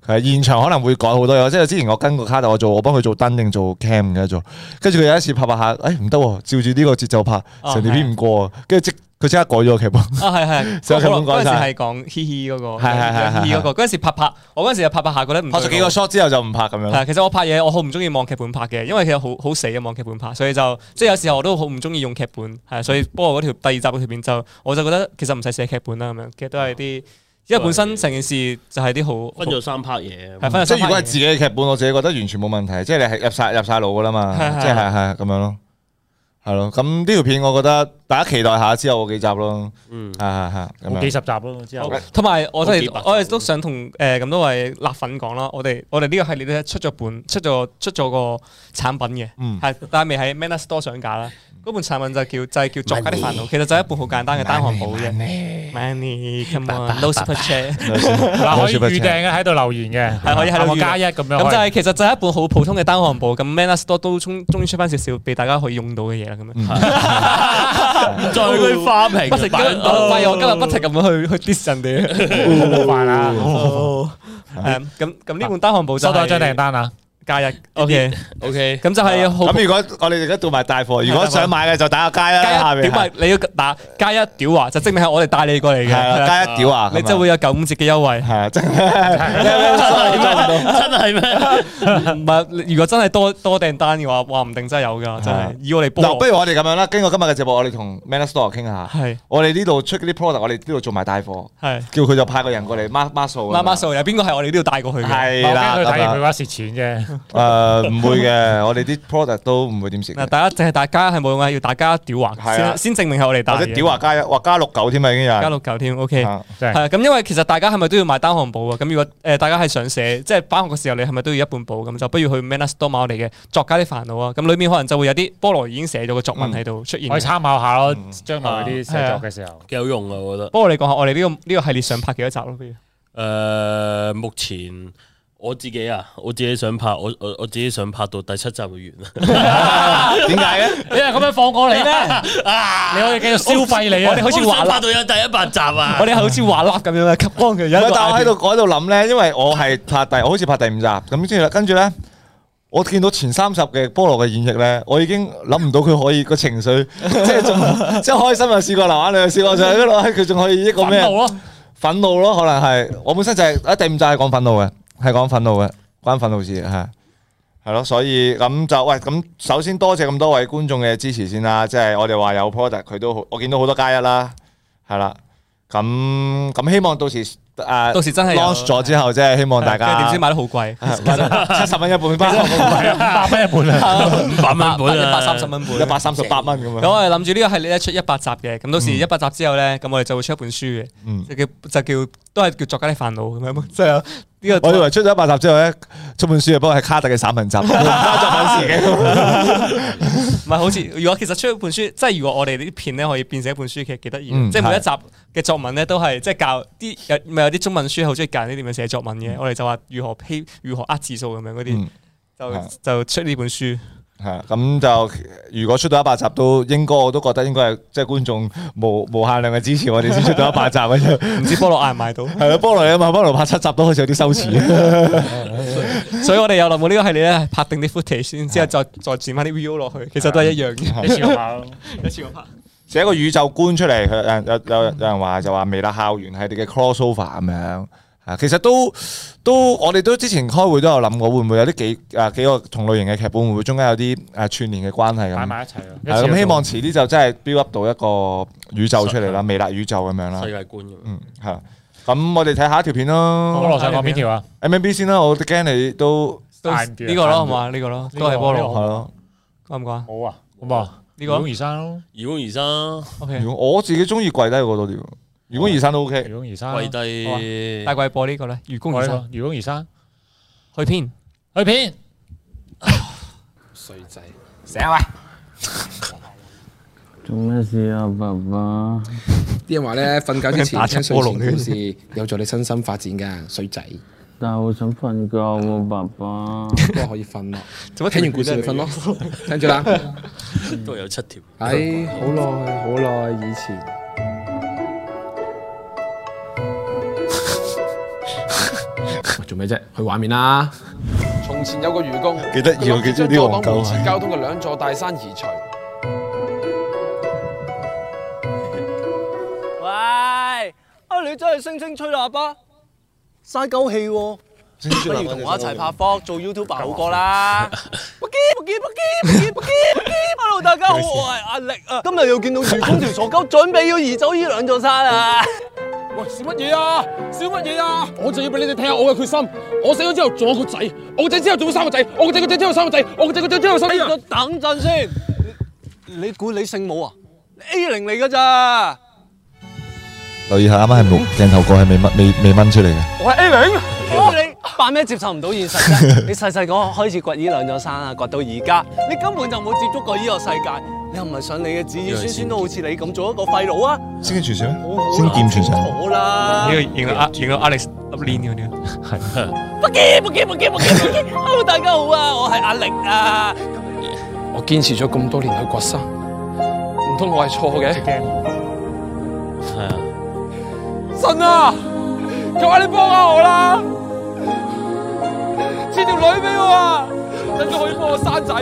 佢係現場可能會改好多嘢。即係之前我跟過卡特我，我做我幫佢做燈定做 cam 嘅做，跟住佢有一次拍拍下，誒唔得，照住呢個節奏拍，成條片唔過，跟住、啊、即。佢即刻改咗個劇本。係係，嗰陣時係講嘻嘻嗰個，嗰個，嗰陣時拍拍，我嗰陣時拍拍下，覺得唔。拍咗幾個 shot 之後就唔拍咁樣。其實我拍嘢，我好唔中意望劇本拍嘅，因為其實好好死嘅望劇本拍，所以就即係有時候我都好唔中意用劇本，係所以。不過菠蘿條第二集嗰條片就，我就覺得其實唔使寫劇本啦咁樣，其實都係啲，因為本身成件事就係啲好。分咗三 part 嘢，係分咗三 part。即係如果係自己嘅劇本，我自己覺得完全冇問題，即係你係入晒入晒腦噶啦嘛，即係係咁樣咯。係咯，咁呢條片我覺得大家期待下之後嗰幾集咯。嗯，係係係，咁樣幾十集咯、啊、之後。同埋我哋、啊、我哋都想同誒咁多位辣粉講啦，我哋我哋呢個系列咧出咗本出咗出咗個產品嘅，係、嗯、但係未喺 Manner Store 上架啦。 [laughs] 嗰本產品就叫就係叫作家的煩惱，其實就係一本好簡單嘅單行簿。嘅。Money come o 嗱，可以預訂嘅喺度留言嘅，係可以喺度加一咁樣。咁就係其實就係一本好普通嘅單行簿。咁 Manner Store 都終終於出翻少少俾大家可以用到嘅嘢啦，咁樣。再開花瓶，不停咁浪費，我今日不停咁樣去去 diss 人哋，好煩啊！誒，咁咁呢本單行簿收到張訂單啊！加一，OK，OK，咁就係咁。如果我哋而家做埋帶貨，如果想買嘅就打個加啦。加一屌啊！點解你要打加一屌話，就證明係我哋帶你過嚟嘅。加一屌話，你真就會有九五折嘅優惠。係啊，真係，真係咩？唔係，如果真係多多訂單嘅話，話唔定真係有噶，真係要我哋幫。不如我哋咁樣啦，經過今日嘅直播，我哋同 Manner Store 傾下。係，我哋呢度出啲 product，我哋呢度做埋帶貨。係，叫佢就派個人過嚟 mark mark 數。mark mark 數有邊個係我哋都要帶過去。係啦，得啦。佢佢話蝕錢啫。誒、 [laughs] 呃，唔會嘅，我哋啲 product 都唔會點食。嗱，大家淨係大家係冇用啊，要大家屌話先，先證明係我哋大即屌話加一，話加六九添啊，已經加六九添。O K，係咁因為其實大家係咪都要買單行簿啊？咁、啊嗯、如果誒大家係想寫，即係翻學嘅時候，你係咪都要一半簿？咁，就不如去 Manner Store 多買我哋嘅、啊、作家啲煩惱啊。咁裏面可能就會有啲菠蘿已經寫咗個作文喺度、嗯、出，出現，可以參考下咯。將來啲寫作嘅時候，幾有、嗯啊、用啊！我覺得。菠蘿你講下，我哋呢、這個呢、這個系列想拍幾多集咯？不如誒，目前。我自己啊，我自己想拍，我我我自己想拍到第七集嘅完。點解嘅？你係咁樣放過你咩？的啊！你可以繼續消費你啊！我哋不好似畫到有第一百集啊！ [laughs] 我哋好似畫笠咁樣啊，吸光佢。 [laughs] 但係我喺度喺度諗咧，因為我係拍第，好似拍第五集咁先跟住咧，我見到前三十嘅菠蘿嘅演繹咧，我已經諗唔到佢可以個情緒， [laughs] 即係即係開心又試過,過，難玩你又試過，就喺嗰度。佢仲可以一個咩？憤怒咯、啊，憤怒咯，可能係我本身就係喺第五集係講憤怒嘅。係講憤怒嘅，關憤怒事係係咯，所以咁就喂咁，首先多謝咁多位觀眾嘅支持先啦，即係我哋話有 product，佢都好，我見到好多加一啦，係啦，咁咁希望到時誒，到時真係 l 咗之後，即係希望大家點知買得好貴，七十蚊一本，八蚊一本啊，五百蚊一本一百三十蚊本，一百三十八蚊咁樣。咁我哋諗住呢個係你一出一百集嘅，咁到時一百集之後咧，咁我哋就會出一本書嘅，就叫就叫都係叫作家啲煩惱咁樣即係。呢個我以為出咗一百集之後咧出本書啊，不過係卡特嘅散文集，作文自唔係好似如果其實出一本書，即係如果我哋呢啲片咧可以變成一本書，其實幾得意。嗯、即係每一集嘅作文咧都係即係教啲，唔係有啲中文書好中意教人啲點樣寫作文嘅，我哋就話如何批，如何呃字數咁樣嗰啲，嗯，就就出呢本書。係咁就，如果出到一百集都，應該我都覺得應該係即係觀眾無無限量嘅支持，我哋先出到一百集嘅啫。唔知菠蘿嗌唔買到？係啊，菠蘿啊嘛，菠蘿拍七集都好似有啲羞恥。所以，我哋又冇呢個系列咧，拍定啲 footage 先，之後再再剪翻啲 video 落去，其實都係一樣嘅一次過拍咯，一次拍。寫個宇宙觀出嚟，有有有人話就話微辣校園係你嘅 crossover 咁樣。啊，其實都都我哋都之前開會都有諗過，會唔會有啲幾啊幾個同類型嘅劇本，會唔會中間有啲啊串連嘅關係咁？擺埋一齊咁，希望遲啲就真係 build up 到一個宇宙出嚟啦，微辣宇宙咁樣啦。世界觀咁。嗯，係啦。我哋睇下一條片咯。我落晒個邊條啊！MMB 先啦，我驚你都。都呢個咯，係嘛？呢個咯，都係菠蘿，係咯。啱唔啱？好啊，好嘛？呢個。如生咯，如生。O K。我自己中意跪低嗰多啲。愚公移山都 OK，愚公移山。第大季播呢個咧，愚公移山，愚公移山。去片，去片。衰仔，醒下喂。做咩事啊，爸爸？啲人話咧，瞓覺之前打七波龍呢件事有助你身心發展噶，衰仔。但係我想瞓覺，我爸爸。都可以瞓咯，做乜聽完故事嚟瞓咯？聽住啦，都有七條。喺好耐好耐以前，做咩啫？去畫面啦！從前有個愚公，記得要記住啲黃牛啊！前座交通嘅兩座大山移除。喂！啊，你真係聲聲吹喇叭，嘥鳩氣喎、啊啊！不如同我一齊拍波做 YouTuber 好過啦！Hello 大家好，我係阿力啊！今日又見到愚公條傻鳩準備要移走呢兩座山啊！喂，笑乜嘢啊？笑乜嘢啊？我就要俾你哋睇下我嘅決心。我死咗之後仲有一個仔，我個仔之後仲會生個仔，我個仔個仔之後生個仔，我個仔個仔之後生。你等陣先。你估你姓母啊你？A 零嚟噶咋？留意下啱啱係冇鏡頭過，係未掹未未掹出嚟嘅。我係 A 零，啊。你扮咩？接受唔 [laughs] 到現實？你細細個開始掘呢兩座山啊，掘到而家，你根本就冇接觸過呢個世界。你又唔係想你嘅子子孫孫都好似你咁做一個廢佬啊？先住上，先掂住上，妥啦！呢個然後阿然後阿力立呢個，不記不記不記不記，大家好啊，我係阿力啊！我堅持咗咁多年去掘山，唔通我係錯嘅？係啊！神啊！求下你幫下我啦！賜條女俾我啊！等咗可以幫我生仔，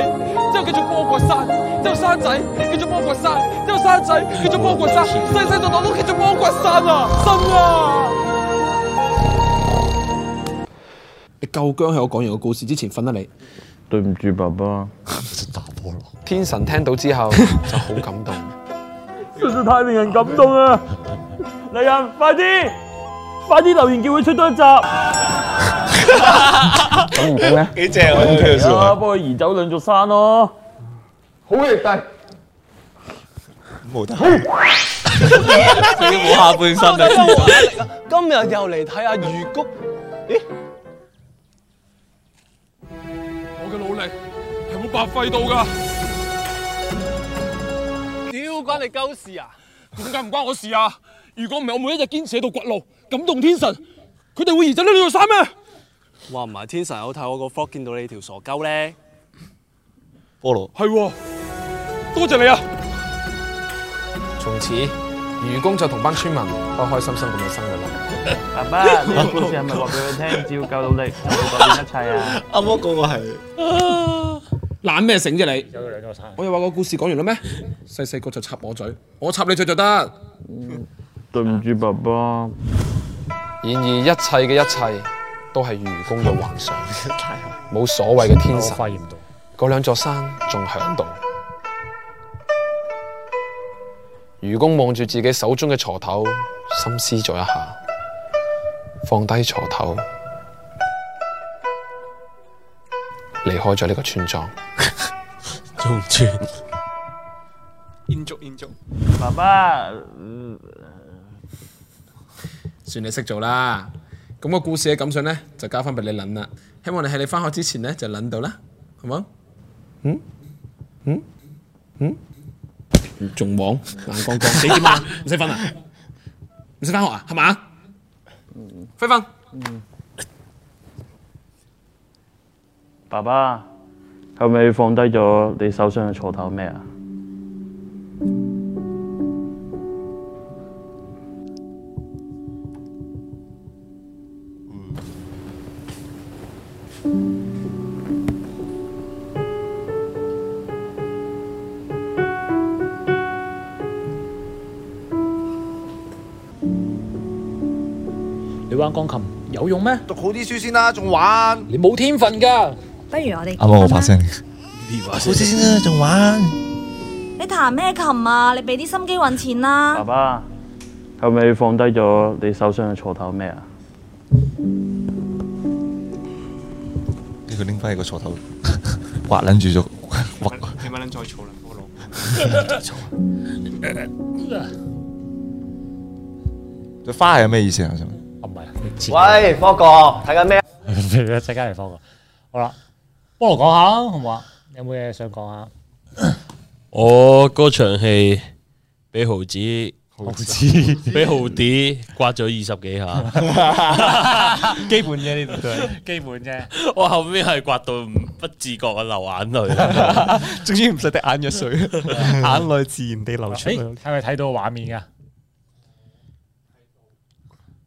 之後繼續幫我掘山。之後生仔叫做魔鬼山，之後生仔叫做魔鬼山，世世代代都叫做魔鬼山啊！信啊！你夠薑喺我講完個故事之前瞓得你？對唔住爸爸， [laughs] 打波咯了！天神聽到之後就好感動， [laughs] 實在太令人感動啦！嚟啊，快啲，快啲留言叫佢出多一集。咁而咩？幾正啊？啊，幫佢移走兩座山咯，啊！好但力大，冇得， [laughs] 我要我下半身。今日又嚟睇下魚谷，欸、我嘅努力係冇白費到噶。屌，關你鳩事啊？點解唔關我事啊？如果唔係我每一日堅持喺度掘路，感動天神，佢哋會移走呢兩座山咩？話唔埋天神好睇我個 fuck 見到你條傻鳩咧，菠蘿係。多謝你啊！從此，愚公就同班村民開開心心咁樣生活啦。爸爸，你個故事係咪話俾佢聽？照力，到你，改變一切啊！阿媽講個係，懶咩醒啫你？有兩座山。我又話個故事講完啦咩？細細個就插我嘴，我插你嘴就得。對唔住，爸爸。然而一切嘅一切都係愚公嘅幻想，冇所謂嘅天神。我發現到，嗰兩座山仲響度。愚公望住自己手中嘅鋤頭，深思咗一下，放低鋤頭，離開咗呢個村莊。 [laughs] 中村，延續延續，爸爸，算你識做啦。咁個故事嘅感想咧，就交翻俾你諗啦。希望你喺你翻學之前咧就諗到啦。好冇？嗯？嗯？嗯？仲忙，眼光光，你點啊？唔使瞓啊？唔使翻學啊？係嘛？輝嗯，爸爸，係咪放低咗你手上嘅鋤頭咩啊？ [music] 玩鋼琴有用咩？讀好啲書先啦，啊，仲玩？你冇天分噶。不如我哋啱啱好我發聲。我先啦，仲玩？你彈咩琴啊？你俾啲心機搵錢啦，啊。爸爸，係咪放低咗你手上嘅鋤頭咩啊？跟住拎翻嚟個鋤頭，滑捻住咗，滑。你咪捻再坐兩波咯。 [laughs] 再坐。花係有咩意思啊？喂，方哥，睇緊咩啊？即刻嚟，方哥，好啦，菠蘿講下好唔好啊？有冇嘢想講啊？我嗰場戲，俾豪子，豪子，俾豪子豪刮咗二十幾下，基本啫呢度，基本啫。本我後邊係刮到不自覺啊流眼淚，終於唔使滴眼藥水， [laughs] 眼淚自然地流出嚟。係咪睇到畫面噶？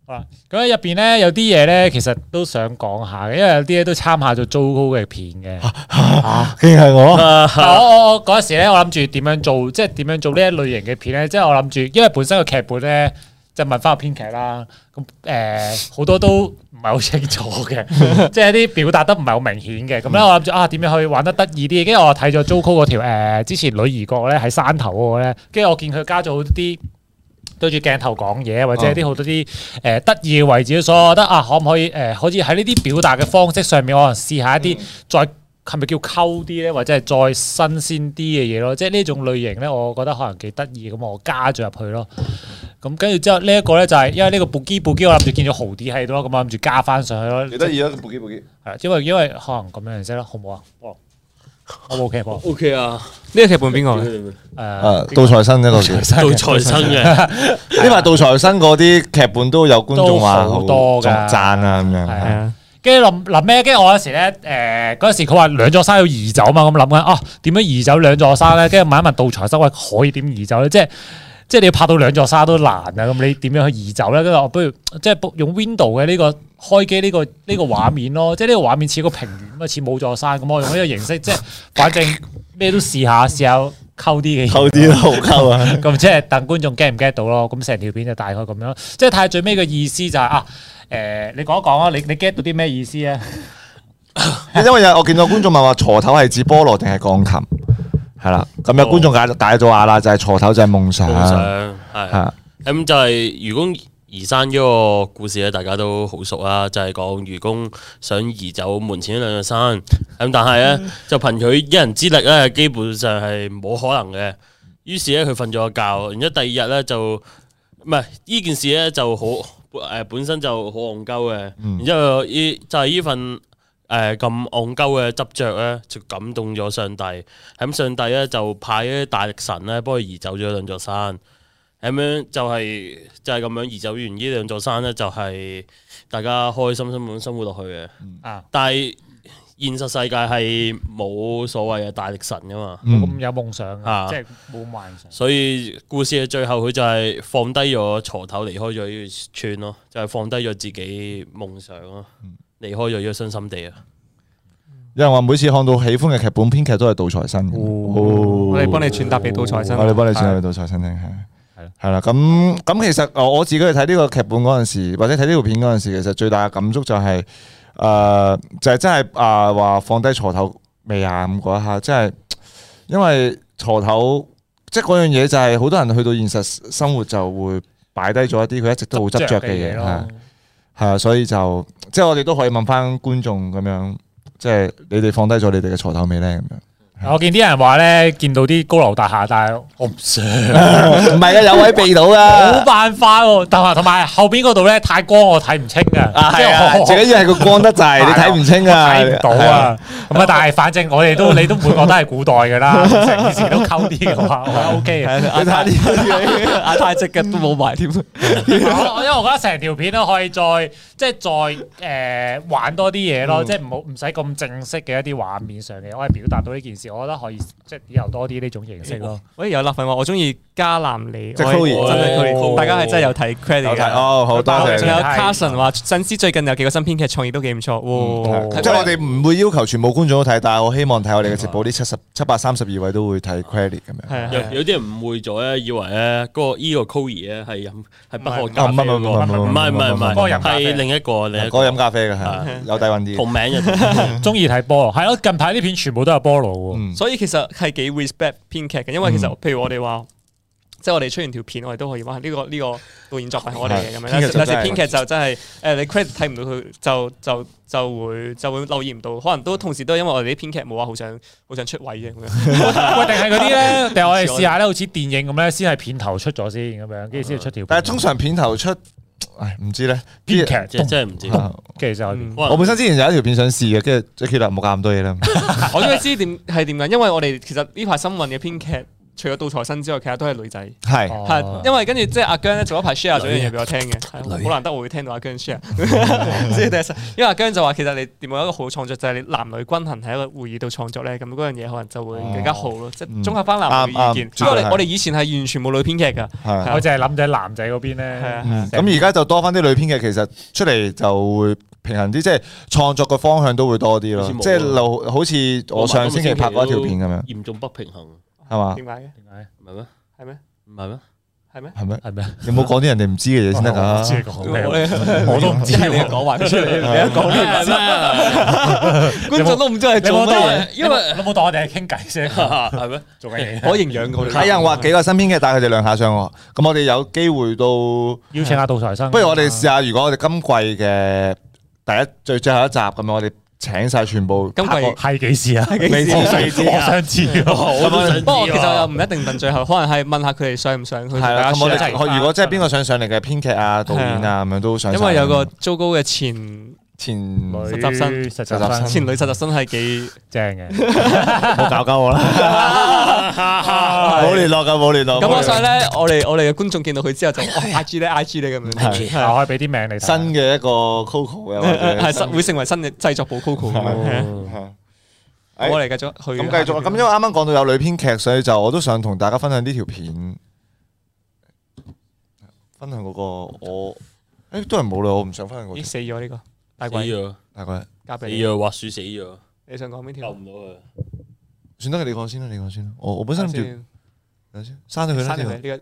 啊！咁喺入邊咧，有啲嘢咧，其實都想講下嘅，因為有啲咧都參下咗糟糕嘅片嘅。係我，我我嗰時咧，我諗住點樣做，即係點樣做呢一類型嘅片咧？即係我諗住，因為本身個劇本咧，就問翻個編劇啦。咁誒，好多都唔係好清楚嘅，即係啲表達得唔係好明顯嘅。咁咧，我諗住啊，點樣去玩得得意啲？跟住我睇咗糟糕嗰條誒，之前女兒國咧喺山頭嗰個咧，跟住我見佢加咗啲。對住鏡頭講嘢，或者係啲好多啲誒、呃、得意嘅位置，所以我覺得啊，可唔可以誒、呃，好似喺呢啲表達嘅方式上面，我可能試下一啲、嗯、再係咪叫溝啲咧，或者係再新鮮啲嘅嘢咯？即係呢種類型咧，我覺得可能幾得意，咁我加咗入去咯。咁跟住之後呢一個咧就係因為呢個部基部基，我諗住見咗豪啲氣咯，咁我諗住加翻上去咯。幾得意啊！部基部基，係啊，因為因為可能咁樣先咯，好唔好啊？好我冇劇本，OK 誰啊？呢個劇本邊個？誒， [laughs] 杜財生一個劇本，杜財生嘅。因為杜財生嗰啲劇本都有觀眾話好多咁讚啊咁、啊、樣。係啊，跟住諗諗咩？跟住我有時咧，誒、呃，嗰時佢話兩座山要移走嘛，咁諗緊。哦、啊，點樣移走兩座山咧？跟住問一問杜財生喂，可以點移走咧？ [laughs] 即係。即係你要拍到兩座山都難啊！咁你點樣去移走咧？跟住我不如即係用 Window 嘅呢個開機呢個呢個畫面咯。即係呢個畫面似一個平原似冇座山咁。我用呢個形式，即係反正咩都試下試下溝啲嘅。溝啲都好溝啊！咁即係等觀眾 get 唔 get 到咯？咁成條片就大概咁樣。即係睇最尾嘅意思就係、是、啊，誒，你講一講啊，你說說你，你 get 到啲咩意思啊？因為 [laughs] 我見到觀眾問話，鋤頭係指菠蘿定係鋼琴？係啦，咁有、嗯、觀眾解、哦、解咗下啦，就係、是、鋤頭就係夢想，係咁的、嗯、就係。愚公移山呢個故事咧，大家都好熟啊，就係講愚公想移走門前呢兩座山，咁、嗯、但係咧、嗯、就憑佢一人之力咧，基本上係冇可能嘅。於是咧佢瞓咗個覺，然之後第二日咧就唔係呢件事咧就好誒、呃，本身就好戇鳩嘅。然之後依就係呢、就是、份。誒，咁戇鳩嘅執着咧，就感動咗上帝。咁上帝咧就派一啲大力神咧，幫佢移走咗兩座山。咁樣就係就係咁樣移走完呢兩座山咧，就係大家開開心心咁生活落去嘅。但係現實世界係冇所謂嘅大力神噶嘛，咁有夢想啊，即係冇幻想。所以故事嘅最後，佢就係放低咗鋤頭，離開咗呢個村咯，就係放低咗自己夢想咯。嗯嗯嗯離開咗一個傷心地啊！有人話每次看到喜歡嘅劇本編劇都係杜財生，哦哦、我哋幫你傳達俾杜財生，哦、我哋幫你傳達俾杜財生聽，係係啦。咁咁的其實我自己去睇呢個劇本嗰陣時，或者睇呢條片嗰陣時，其實最大嘅感觸就係、是、誒、呃，就係、是、真係誒話放低鋤頭未啊？咁講一下，即係因為鋤頭即係嗰樣嘢，就係、是、好多人去到現實生活就會擺低咗一啲佢一直都好執着嘅嘢咯。嗯嗯係啊，所以就即係我哋都可以問翻觀眾咁樣，即係你哋放低咗你哋嘅鋤頭未咧咁樣。我見啲人話咧，見到啲高樓大廈，但係我唔想，唔係啊，有位避到啦，冇辦法喎。但係同埋後邊嗰度咧太光，我睇唔清啊。係啊，最緊要係個光得滯，你睇唔清啊，睇唔到啊。咁啊，但係反正我哋都你都唔會覺得係古代嘅啦。成件事都溝啲嘅話，我 OK 嘅。阿太阿直嘅都冇埋添。因為我覺得成條片都可以再即係再誒玩多啲嘢咯，即係唔好唔使咁正式嘅一啲畫面上嘅，可以表達到呢件事。我覺得可以即係以後多啲呢種形式咯。喂，有辣粉話，我中意加南尼，即係 Kory，大家係真係有睇 credit 嘅。哦，好多謝。仲有 Carson 話，陣時最近有幾個新編劇創意都幾唔錯。即係我哋唔會要求全部觀眾都睇，但係我希望睇我哋嘅直播呢七十七百三十二位都會睇 credit 咁樣。係啊，有啲人誤會咗以為咧嗰個依個 Kory 咧係飲係不喝咖啡嗰個。唔係唔係唔係，係另一個你嗰個飲咖啡嘅係有底韻啲。同名嘅，中意睇菠蘿。係啊，近排啲片全部都有菠蘿喎。所以其實係幾 respect 編劇嘅，因為其實譬如我哋話，即係我哋出完條片，我哋都可以話呢個呢個導演作品係我哋嘅咁樣，但係編劇就真係，誒你 credit 睇唔到佢，就就就，就會就會留意唔到，可能都同時都因為我哋啲編劇冇話好想好想出位嘅，定係嗰啲咧？定係我哋試下咧，好似電影咁咧，先係片頭出咗先咁樣，跟住先要出條，嗯，但係通常片頭出。唉，唔知咧，編劇即係真係唔知，噗其實我、嗯、我本身之前就有一條片想試嘅，跟住最後決定冇搞咁多嘢啦。 [laughs] [laughs] 我都係知點係點樣，因為我哋其實呢排新聞嘅編劇。除咗杜財新之外，其實都係女仔。係係，因為跟住即係阿姜咧做一排 share 咗樣嘢俾我聽嘅，好難得會聽到阿姜 share。因為阿姜就話，其實你點會有一個好創作，就係你男女均衡喺一個會議度創作咧，咁嗰樣嘢可能就會更加好咯，即係綜合翻男女意見。我哋以前係完全冇女編劇嘅，我淨係諗住喺男仔嗰邊咧。咁而家就多翻啲女編劇，其實出嚟就會平衡啲，即係創作嘅方向都會多啲咯。即係好似我上星期拍嗰條片咁樣，嚴重不平衡。係嘛？點解嘅？點解？唔係咩？係咩嗎？唔係咩？係咩？係咩？係咩？有冇講啲人哋唔知嘅嘢先得噶？我都唔 [laughs] 知你講，有冇啲講壞出嚟？你講啲乜？ [laughs] 觀眾都唔知係做乜因為有冇當我哋係傾偈先？係咩、 [laughs] 啊？做緊嘢、啊， [laughs] 營養我營養過。睇 [laughs] 人話幾個身邊嘅，帶佢哋兩下上，咁我哋有機會到邀請下杜財生。不如我哋試下，如果我哋今季嘅第一最最後一集，咁我哋。請晒全部，今季係幾時啊？係幾時？我想知啊！不過其實又唔一定問最後，可能係問下佢哋想唔想去？係啦，啊、我、啊、如果即係邊個想上嚟嘅、啊、編劇啊、導演啊咁樣、啊、都上，上。因為有個糟糕嘅前。前實習生，前女實習生係幾正嘅，冇搞鳩我啦，冇聯絡噶，冇聯絡。咁我想咧，我哋我哋嘅觀眾見到佢之後就，I G 咧 I G 咧咁樣，可以俾啲名你，新嘅一個 Coco 嘅，係實會成為新嘅製作部 Coco 啊嘛。我哋繼續去，咁繼續，咁因為啱啱講到有女編劇，所以就我都想同大家分享呢條片，分享嗰個我，誒都係冇啦，我唔想分享個，死咗呢個。大鬼死咗了，大怪加病死咗了，滑鼠死咗。你想講邊條？救唔到佢，算得你講先啦，你講先啦。我我本身諗住等下先刪咗佢啦。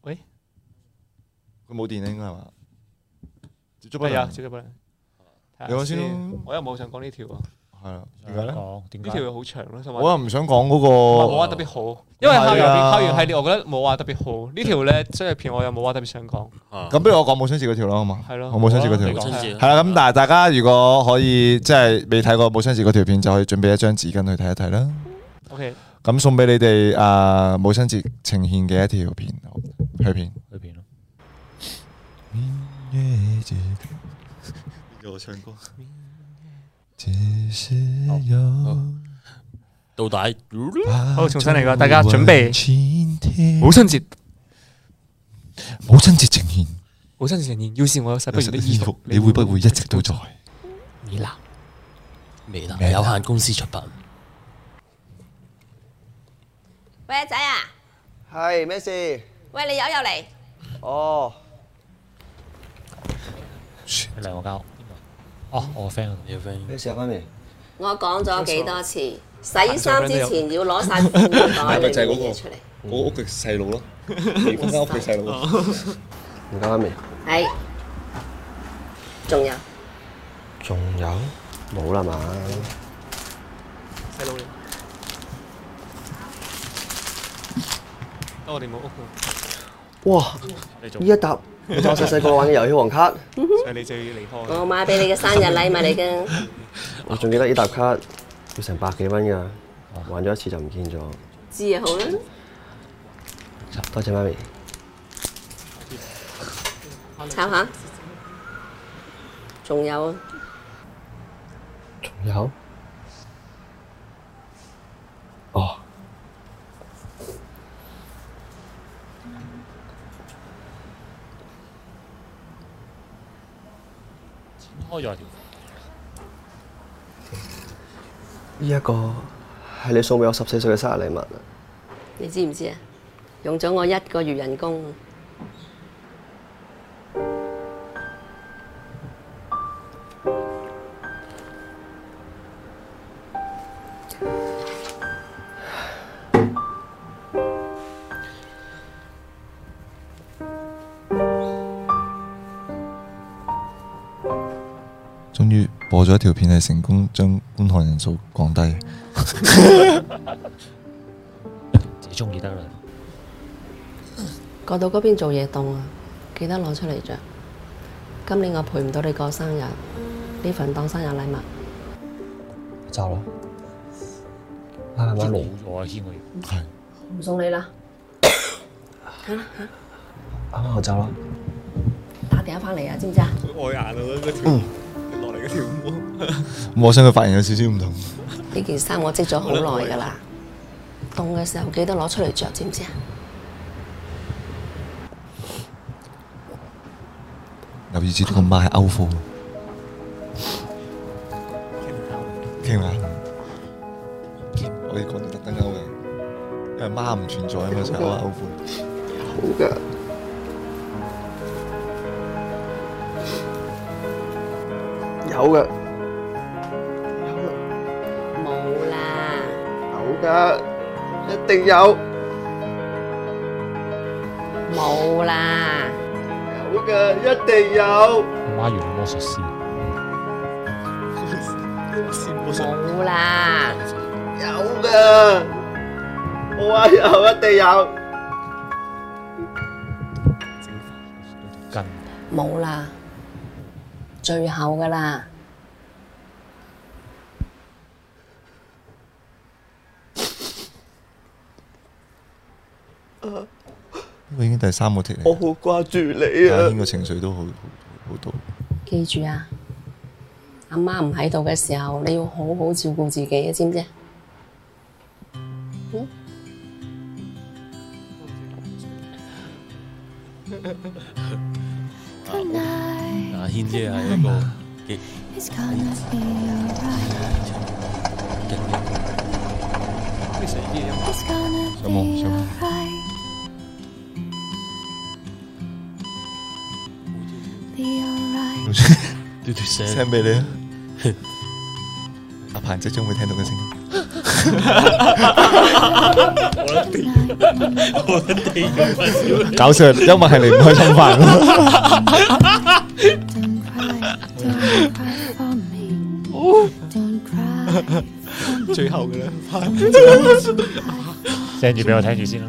喂，佢冇電啊，應該係嘛？接咗未啊？接咗未？你講看看先，我又冇想講呢條啊。係啦，點解咧？呢條好長咯，我又唔想講嗰個冇話特別好，因為校園校園系列我覺得冇話特別好呢條咧，即係片我又冇話特別想講，咁不如我講母親節嗰條啦，好嘛？係咯，我母親節嗰條，係啊，咁但係大家如果可以即係未睇過母親節嗰條片，就可以準備一張紙巾去睇一睇啦。OK，咁送俾你哋啊，母親節呈現嘅一條片，去片，去片咯。到底，好，重新嚟過，大家準備母親節，母親節呈現，母親節呈現，要是我有十一的衣服，你會不會一直都在？微辣，微辣有限公司出品。喂仔啊，係咩事？喂，你友友嚟？哦，嚟我間。喘喲哦，我 friend 啊，你 friend，你食翻未？我講咗幾多次，洗衫之前要攞晒褲袋嘢出嚟。我屋企細佬咯，你搬翻屋企細佬。而家啱未？係。仲有？仲有？冇啦嘛？細佬嚟。我哋冇屋啊！哇！呢一沓。我細細個玩嘅遊戲王卡，所以你就要離開。我買俾你嘅生日禮物嚟噶。我仲記得呢沓卡要成百幾蚊噶，玩咗一次就唔見咗。字又好啦。多謝媽咪。查下。仲有。仲有。呢一個係你送俾我十四歲嘅生日禮物，你知唔知啊？用咗我一個月人工。條片係成功將觀看人數降低，你中意得啦。過到嗰邊做嘢凍啊，記得攞出嚟着。今年我陪唔到你過生日，呢份當生日禮物。走啦，阿媽老咗添，係唔送你啦。吓吓，阿媽我走啦，打電話翻嚟啊，知唔知啊？外人啊，嗯。我身嘅髮型有少少唔同。呢件衫我織咗好耐噶啦，凍嘅時候記得攞出嚟着，知唔知啊？尤其是同媽歐服，聽唔聽？我哋講到特登歐嘅，因為媽唔存在啊嘛，就歐歐服。好嘅。有嘅，有嘅，冇啦。有噶，一定有。冇啦。有噶，一定有。阿媽原來魔術師。冇啦。有噶，冇呀，有，一定有。冇啦，最後噶啦。我已經第三個貼啦。我好掛住你啊！阿軒嘅情緒都好好多。記住啊，阿媽唔喺度嘅時候，你要好好照顧自己啊，知唔知啊？嗯。阿軒即係一個。什麼？聲俾你啊！阿彭最終會聽到嘅聲音。搞笑，有冇係你唔開心？最後嘅啦，聲住俾我聽住先啦。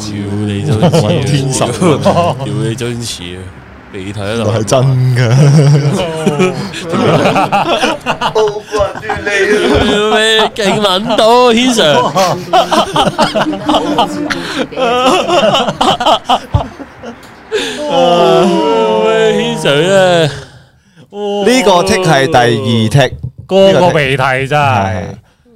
屌你周天神，屌你周天賜啊！鼻涕啊，係真噶，好掛住你啊！喂，勁吻到，天常，天常啊！呢個 take 係第二 take，個鼻涕真係。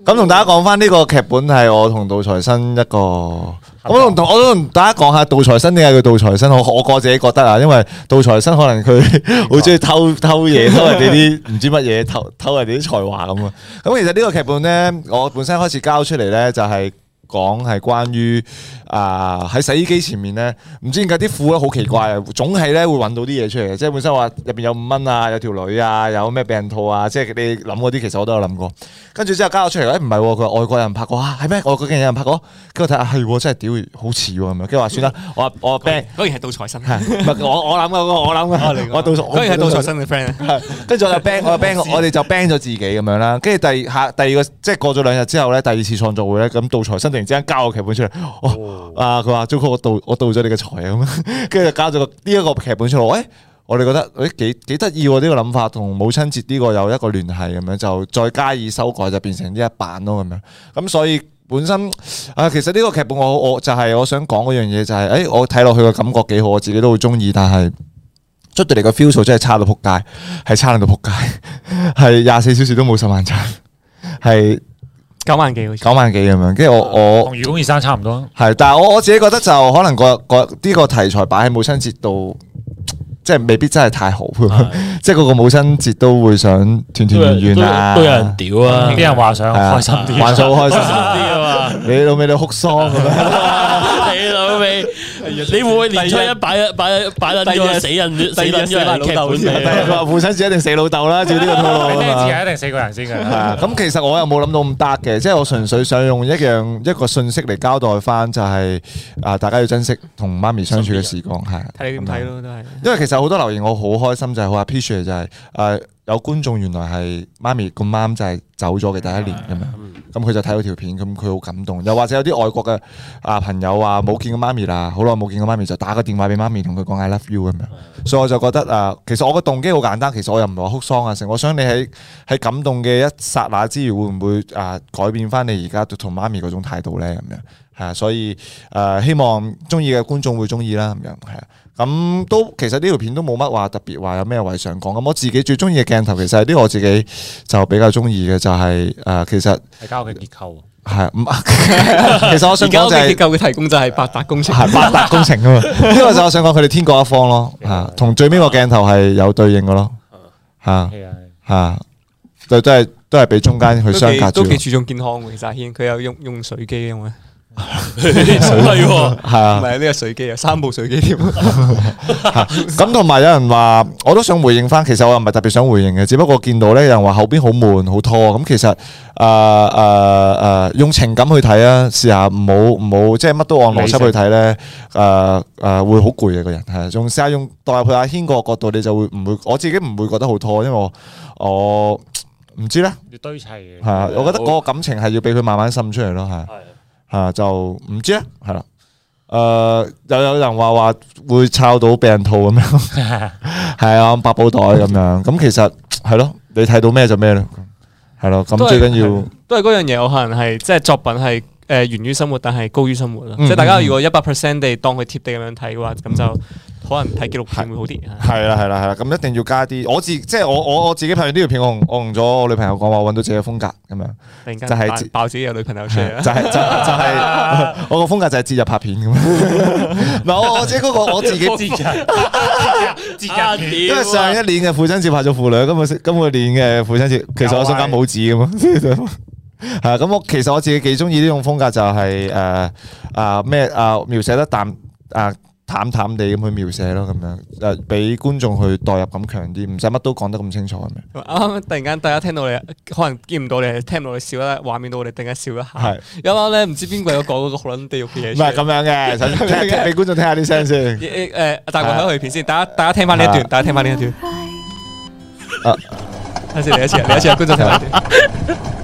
咁同大家講翻呢個劇本係我同杜財新一個。我都同我都同大家講下杜財新點解叫杜財新，我我自己覺得啊，因為杜財新可能佢好中意偷、嗯、偷嘢，偷人哋啲唔知乜嘢，偷偷人哋啲才華咁啊。咁其實呢個劇本咧，我本身開始交出嚟咧就係、是。講係關於啊喺、呃、洗衣機前面咧，唔知點解啲褲咧好奇怪，總係咧會揾到啲嘢出嚟嘅。即係本身話入邊有五蚊啊，有條女啊，有咩避孕套啊。即係你諗嗰啲，其實我都有諗過。跟住之後交咗出嚟唔係佢外國人拍過啊，係咩外國人有人拍過？跟住睇下係真係屌， [laughs] 好似喎咁樣。跟住話算啦，我我 ban，果然係杜財新。唔係我我諗嘅，我諗嘅，我杜財，果然係杜財新嘅 friend。跟住 [laughs] [laughs] 我又 ban， [laughs] 我又 ban，我哋 [laughs] 就 ban 咗自己咁樣啦。跟住第下第二個，即係 [laughs] 過咗兩日之後咧，第二次創作會咧，咁杜財新即係交個劇本出嚟，哦，啊，佢話，朱哥，我到，我到咗你嘅財啊，咁，跟住就交咗個呢一個劇本出嚟，喂，我哋覺得，誒、欸，幾幾得意喎，呢個諗法同母親節呢個有一個聯繫，咁樣就再加以修改，就變成呢一版咯，咁樣，咁所以本身，啊，其實呢個劇本我我就係我想講嗰樣嘢就係、是，誒、欸，我睇落去嘅感覺幾好，我自己都好中意，但係出到嚟個 feel 數真係差到仆街，係差到仆街，係廿四小時都冇十萬讚，係。 [noise] 九萬幾，九萬幾咁樣，跟住我我同愚公移山差唔多，係，但係我我自己覺得就可能個個呢個題材擺喺母親節度，即係未必真係太好，的 [laughs] 即係嗰個母親節都會想團團圓圓都有人屌啊，啲人話想開心啲，幻想的開心啲啊，嘛。你老味你哭喪咁樣， [laughs] [laughs] 你老味。你會年初一擺一擺一擺一啲死人死人死老豆先？佢話父親節一定死老豆啦，做呢個套路啊！節日一定死個人先嘅，咁其實我又冇諗到咁得嘅，即係我純粹想用一樣一個信息嚟交代翻，就係啊，大家要珍惜同媽咪相處嘅時光，係睇你點睇咯，都係。因為其實好多留言我好開心，就係好 appreciate 就係誒有觀眾原來係媽咪咁啱就係走咗嘅第一年咁樣。咁佢就睇到條片，咁佢好感動。又或者有啲外國嘅啊朋友啊，冇見過媽咪啦，好耐冇見過媽咪，就打個電話俾媽咪，同佢講 I love you 咁樣。 [music] 所以我就覺得啊，其實我嘅動機好簡單，其實我又唔係話哭喪啊，成。我想你喺喺感動嘅一剎那之餘，會唔會啊改變翻你而家同媽咪嗰種態度呢？咁樣？係啊，所以誒、呃，希望中意嘅觀眾會中意啦，咁樣係啊。咁、嗯、都其實呢條片都冇乜話特別話有咩話想講。咁、嗯、我自己最中意嘅鏡頭，其實係呢個我自己就比較中意嘅，就係、是、誒、呃，其實係交嘅結構。係是 [laughs] 其實我想講就係、是、結構嘅提供就係八達工程，八達工程啊嘛。呢個就我想講佢哋天各一方咯，同 [laughs] 最尾個鏡頭係有對應嘅咯，吓吓，就都係都係俾中間去相隔住。都幾注重健康，其實佢有用用水機嘅隨機係啊，唔係呢個水機啊，三部水機添。咁同埋有人話，我都想回應翻。其實我又唔係特別想回應嘅，只不過見到咧，有人話後邊好悶，好拖咁。其實誒誒誒，用情感去睇啊，試下唔好唔好，即係乜都按邏輯去睇咧。誒誒，會好攰嘅個人係仲試下用代入佢阿軒個角度，你就會唔會我自己唔會覺得好拖，因為我我唔知咧，要堆砌嘅係啊。我覺得嗰個感情係要俾佢慢慢滲出嚟咯，係。啊，就唔知啦，係啦，誒、呃，又有，有人話話會抄到病套咁樣，係啊， [laughs] [laughs] 百寶袋咁樣，咁、嗯、其實係咯，你睇到咩就咩咯，係咯，咁、嗯嗯嗯、最緊要都係嗰樣嘢，我可能係即係作品係。誒，源於生活，但係高於生活咯，即係大家如果一百 percent 地當佢貼地咁樣睇嘅話，咁就、嗯、可能睇紀錄片會好啲。係啦係啦係啦，咁、嗯、一定要加啲。我自即係我我我自己拍完呢條片，我同咗我女朋友講話，我搵到自己嘅風格咁樣，突然間就係爆自己嘅女朋友出嚟。就係、是、就是、就係、是、 [laughs] 我個風格就係節日拍片咁。嗱，我我即係嗰個我自己節日節日因為上一年嘅父親節拍咗父女，今個，今個年嘅父親節其實我想間母子咁啊。啊，咁我其實我自己幾中意呢種風格就、呃，就係誒啊咩啊描寫得淡啊、呃、淡淡地咁去描寫咯，咁樣誒俾、呃、觀眾去代入感強啲，唔使乜都講得咁清楚係咪？啱啱突然間大家聽到你，可能見唔到你，聽到你笑啦，畫面到我哋突然間笑一下。係是，啱啱咧唔知邊個有講嗰個好卵地獄嘅嘢？唔係咁樣嘅，首 [laughs] [laughs] 先俾觀眾聽下啲聲先。誒、啊，大家睇紀錄片先，大家大家聽翻呢一段，啊、大家聽翻呢一段。 [laughs] 啊，等先，嚟一次，嚟一次。觀眾聽翻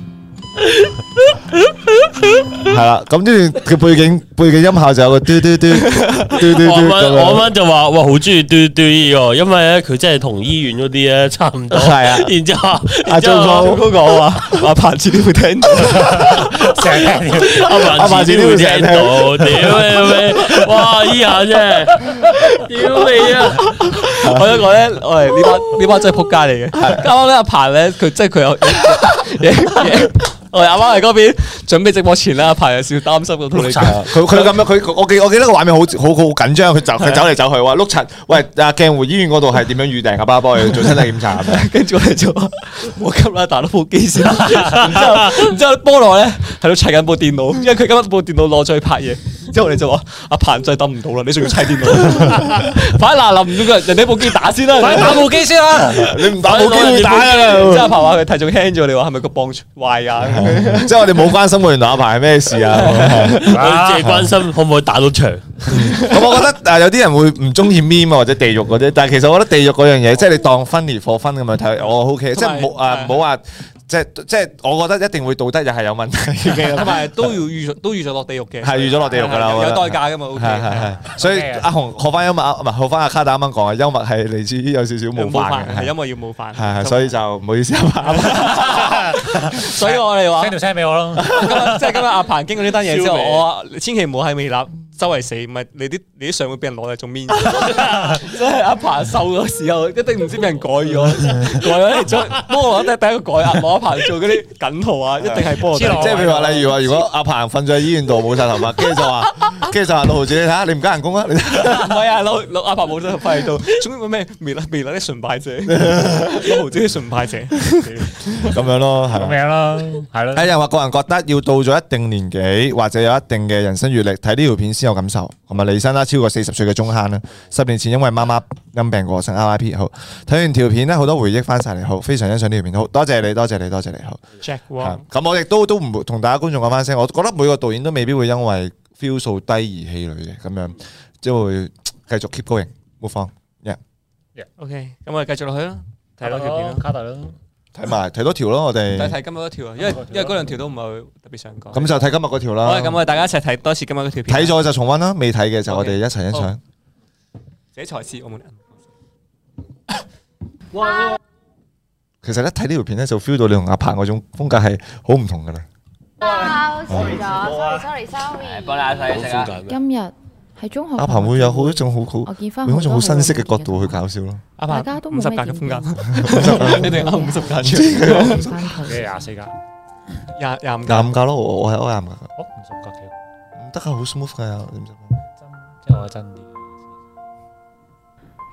係啦，咁呢段嘅背景背景音效就有個嘟嘟嘟嘟嘟，我阿媽就話哇好中意嘟嘟哦，因為咧佢真係同醫院嗰啲咧差唔多，係啊，然之後阿俊哥嗰個話阿彭子都會聽到，阿彭子都會聽到，屌你咩？哇依下真係，屌你啊！我想講咧，我哋呢班呢班真係仆街嚟嘅。剛剛呢阿彭咧，佢即係佢有阿媽喺嗰邊準備直播前啦，排有少少擔心嘅，同你講。佢佢咁樣，佢我記我記得個畫面好好好緊張，佢走佢走嚟走去話碌柒。喂，阿鏡湖醫院嗰度係點樣預訂啊？巴貝 [laughs] 做身體檢查。跟住 [laughs] 我哋就：「我急啦，打咗部機先。然之後然之後菠蘿咧，喺度砌緊部電腦，因為佢今日部電腦攞出去拍嘢。 [laughs] [laughs] 之後我哋就話阿彭就係唔到啦，你仲要砌邊度？反嗱，林咁嘅人哋部機打先啦，打部機先啦。你唔打部機，你打啊？阿鵬話佢體重輕咗你話係咪個棒壞啊？即係我哋冇關心原來打牌係咩事啊？最關心可唔可以打到場？咁我覺得啊，有啲人會唔中意 meme 或者地獄嗰啲，但係其實我覺得地獄嗰樣嘢，即係你當分而破分咁樣睇，我 OK。即係冇啊，冇話。即即我覺得一定會道德又係有問題，同埋都要預都預咗落地獄嘅，係預咗落地獄㗎啦，有代價㗎嘛？O K，係係係，所以阿紅學翻幽默，唔係學翻阿卡打啱啱講嘅，幽默係嚟自於有少少冒犯嘅，係因為要冒犯，係係，所以就唔好意思啊，所以我哋話，send 條聲俾我咯，即係今日阿彭經過呢單嘢之後，我千祈唔好喺未立。周圍死，唔係你啲你啲相會俾人攞嚟做面，即係阿鵬瘦嗰時候，一定唔知俾人改咗，改咗嚟做，菠蘿第一個改阿鵬做嗰啲緊圖啊，一定係菠蘿即係譬如話，例如話如果阿鵬瞓咗喺醫院度冇晒頭髮，跟住就話，跟住就話六毫紙，你睇下你唔加人工啊？唔係啊，老老阿鵬冇咗塊嚟做，做咩咩咩啲崇拜者，六毫紙啲崇拜者，咁樣咯，係咯，係咯。有人話個人覺得要到咗一定年紀或者有一定嘅人生閱歷睇呢條片先。感受，同埋離身啦，超過四十歲嘅中坑咧。十年前因為媽媽因病過身，RIP，好睇完條片咧，好多回憶翻晒嚟，好非常欣賞呢條片，好多謝你，多謝你，多謝你，好。咁我亦都都唔同大家觀眾講翻聲，我覺得每個導演都未必會因為 feel 數低而氣餒嘅，咁樣即係會繼續 keep going 播放。Yeah，yeah，OK，咁我哋繼續落去啦，睇多條片咯，卡特咯。睇埋睇多條咯，我哋睇今日嗰條，因為因為嗰兩條都唔係特別想講。咁的就睇今日嗰條啦。好，咁我哋大家一齊睇多次今日嗰條片。睇咗就重溫啦，未睇嘅就我哋一齊欣賞。寫錯字，澳門人。哇！其實一睇呢條片咧，就 feel 到你同阿柏嗰種風格係、啊、好唔同噶啦。今日。喺中學，阿鵬會有好一種好好，另一種好新式嘅角度去搞笑咯。大家都五十格嘅風格， [laughs] 你定五十格？廿四格，廿五格咯。我係開廿五格得好 smooth 嘅，你唔識。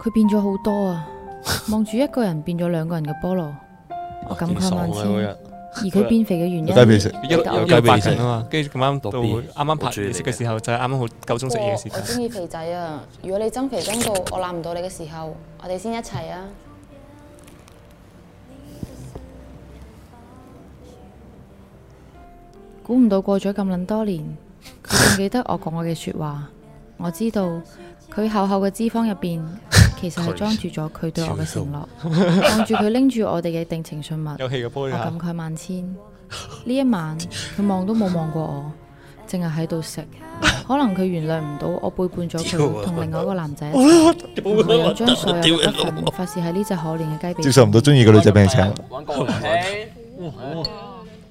佢 [laughs] [laughs] 變咗好多啊！望住一個人變咗兩個人嘅菠蘿，我感慨萬千。 [laughs] 啊而佢變肥嘅原因，又有加肥食，一有加肥啊嘛。跟住咁啱到啱啱拍住嘅時候，就係啱啱好夠鐘食嘢嘅時候。我中意肥仔啊！如果你增肥增到我攬唔到你嘅時候，我哋先一齊啊！估唔到過咗咁撚多年，佢仲記得我講我嘅説話。我知道佢厚厚嘅脂肪入邊，其實係裝住咗佢對我嘅承諾，望住佢拎住我哋嘅定情信物，啊、我感慨萬千。呢一晚佢望都冇望過我，淨係喺度食。可能佢原諒唔到我背叛咗佢，同另外一個男仔，女人將所有不幸發洩喺呢隻可憐嘅雞髀。接受唔到中意嘅女仔俾你請。 [laughs] [laughs]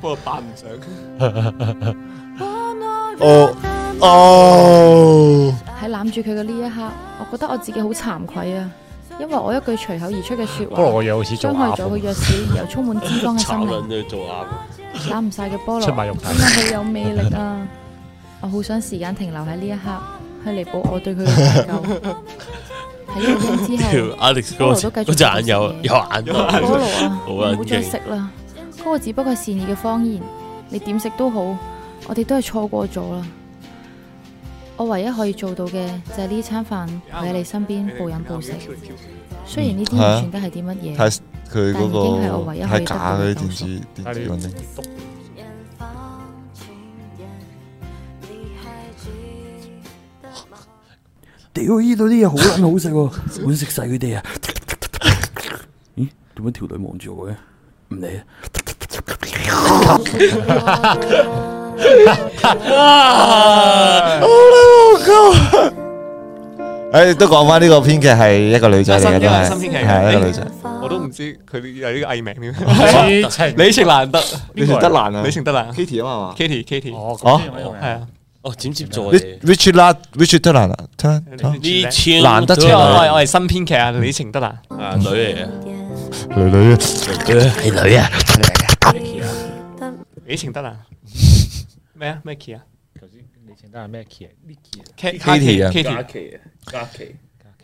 不過打唔上。哦哦。喺攬住佢嘅呢一刻，我覺得我自己好慚愧啊，因為我一句隨口而出嘅說話，傷害咗佢弱小又充滿脂肪嘅心靈。炒攬唔晒嘅菠蘿，真係好有魅力啊！我好想時間停留喺呢一刻，去彌補我對佢嘅愧疚。喺呢邊之後 Alex 冇再食啦。不過只不過是善意嘅謊言，你點食都好，我哋都係錯過咗啦。我唯一可以做到嘅就係呢餐飯喺你身邊暴飲暴食，雖然呢啲唔算得係啲乜嘢，嗯嗯、但已經係我唯一可以做到嘅。屌、那個，呢度啲嘢好撚好食喎、啊，我食晒佢哋啊！咦，點解條女望住我嘅？唔理。啊！啊！我靠！誒，都講翻呢個編劇係一個女仔嚟嘅，係新編劇，係一個女仔。我都唔知佢係呢個藝名點。李晴，李晴難德，李晴德難啊！李晴德難，Kitty 啊嘛，Kitty，Kitty，哦，係啊，哦，點接咗嘅？Which 啦，Which 德難啊，得得，難得，我係我係新編劇啊，李晴德難啊，女嚟嘅，女女女女係女啊。咩啊？你請得啊？咩啊？咩企啊？頭先你請得係咩企啊？Kitty 啊？Kitty 啊